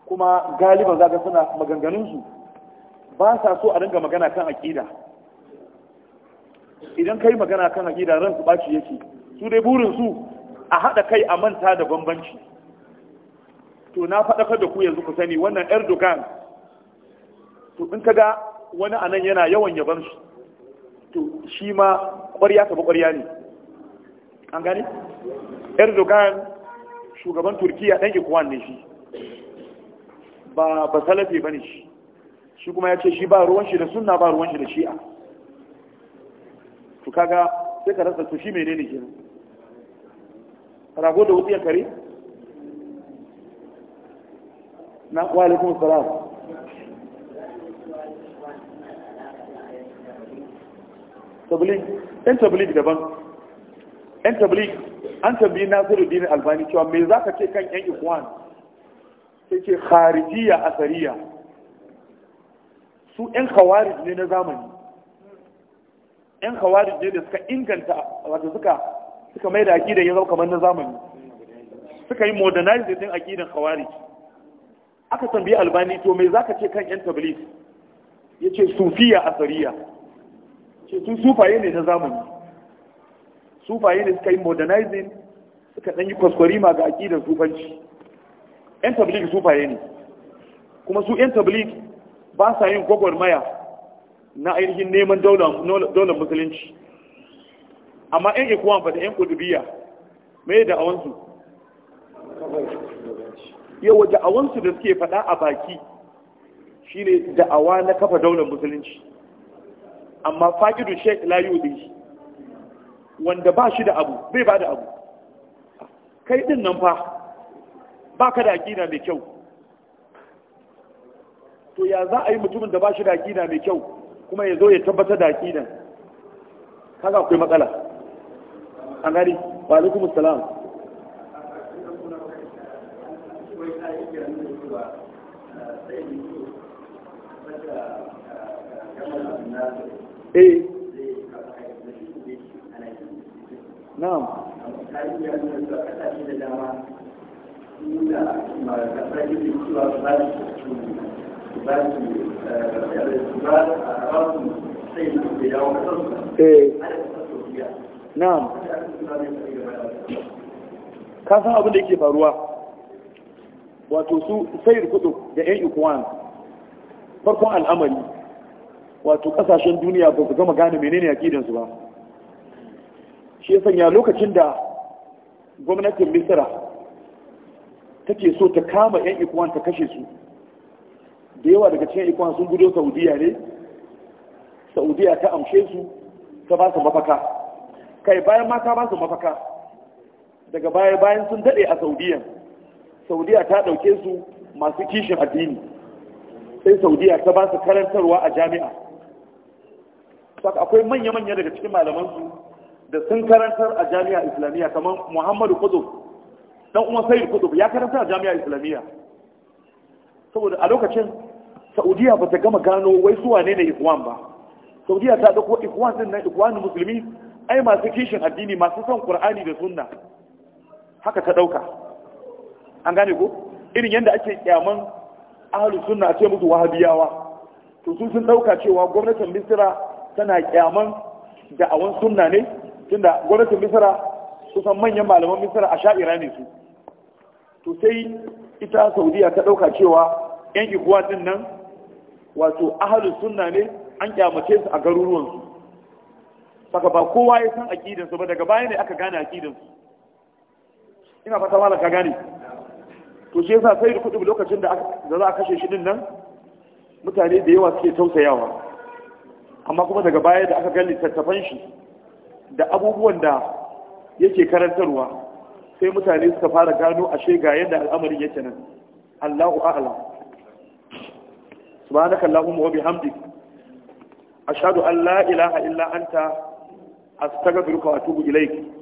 kuma galibar za ka suna maganganunsu ba sa so a dinga magana kan aƙida idan ka yi magana kan aƙida ran su ɓaci yake su dai burinsu a haɗa kai a manta da bambanci to na faɗakar da ku yanzu ku sani wannan erdogan to in ka ga wani anan yana yawan yaban shi to shi ma ƙwarya ta ƙwarya ne an gane erdogan shugaban turkiya ɗan ikuwan ne shi ba ba salafi ba ne shi shi kuma ya ce shi ba ruwan shi da sunna ba ruwan shi da shi'a to kaga sai ka rasa to shi menene kenan rago da wutsiyar kare na walaikun salam tablik yan tablik daban yan tablik an tambayi nasiru dinin albani cewa me za ka ce kan yan ikwan sai ce a asariya su yan khawarij ne na zamani yan khawarij ne da suka inganta wato suka suka mai da aƙidan ya zama kamar na zamani suka yi modernize din aƙidan khawarij aka tambayi albani to me zaka ce kan yan tablis ce sufiya asariya ce su sufaye ne na zamani sufaye ne suka yi modernizing suka ɗanyi yi kwaskwarima ga aƙidar sufanci yan tablis sufaye ne kuma su yan tablis ba sa yin gwagwarmaya na ainihin neman daular musulunci amma yan ikuwan ba da yan kudubiya mai da awansu yawa da'awansu da suke faɗa a baki shine da'awa na kafa daular musulunci amma faƙidu sheik layu da shi wanda ba shi da abu bai ba da abu kai din nan fa ba ka da aƙida mai kyau to ya za a yi mutumin da ba shi da aƙida mai kyau kuma ya zo ya tabbata da aƙidan kaga akwai matsala an gani wa alaikumussalam kasan eh. eh. ka san abin da yake faruwa wato su sayar kudu da yan ikwan farkon al'amari wato kasashen duniya ba su gama gane menene akidansu ba shi ya sanya lokacin da gwamnatin misra take so ta kama yan ikuwan ta kashe su da yawa daga cikin ikuwan sun gudu saudiya ne saudiya ta amshe su ta ba su mafaka kai bayan ma ta ba su mafaka daga baya bayan sun daɗe a saudiya saudiya ta ɗauke su masu kishin addini sai saudiya ta ba su karantarwa a jami'a saka akwai manya-manya daga cikin malamansu da sun karantar a jami'a islamiyya kamar muhammadu kudub dan umar sayyid kudub ya karanta a jami'a islamiyya saboda a lokacin saudiya ba ta gama gano wai su wane ne ikwan ba saudiya ta dauko ikwan din na ikwanin musulmi ai masu kishin addini masu son qur'ani da sunna haka ta dauka an gane ko irin yadda ake kyaman ahlus sunna a ce musu wahabiyawa to su sun dauka cewa gwamnatin misira tana kyaman da'awan sunna ne tunda gwamnatin misira kusan manyan malaman misira a sha'ira ne su to sai ita saudiya ta ɗauka cewa yan iguwa din nan wato ahalin sunna ne an kyamace su a garuruwansu saka ba kowa ya san aƙidansu ba daga baya ne aka gane aƙidansu ina fata malam ka gane to shi yasa sai da kudu lokacin da za a kashe shi din nan mutane da yawa suke tausayawa amma kuma daga baya da aka ga tattafan shi da abubuwan da yake karantarwa sai mutane suka fara gano a ga yadda al'amarin yake nan Allahu a'lam subhanaka allahumma wa bihamdik ashhadu an la ilaha illa anta astaghfiruka wa atubu ilayk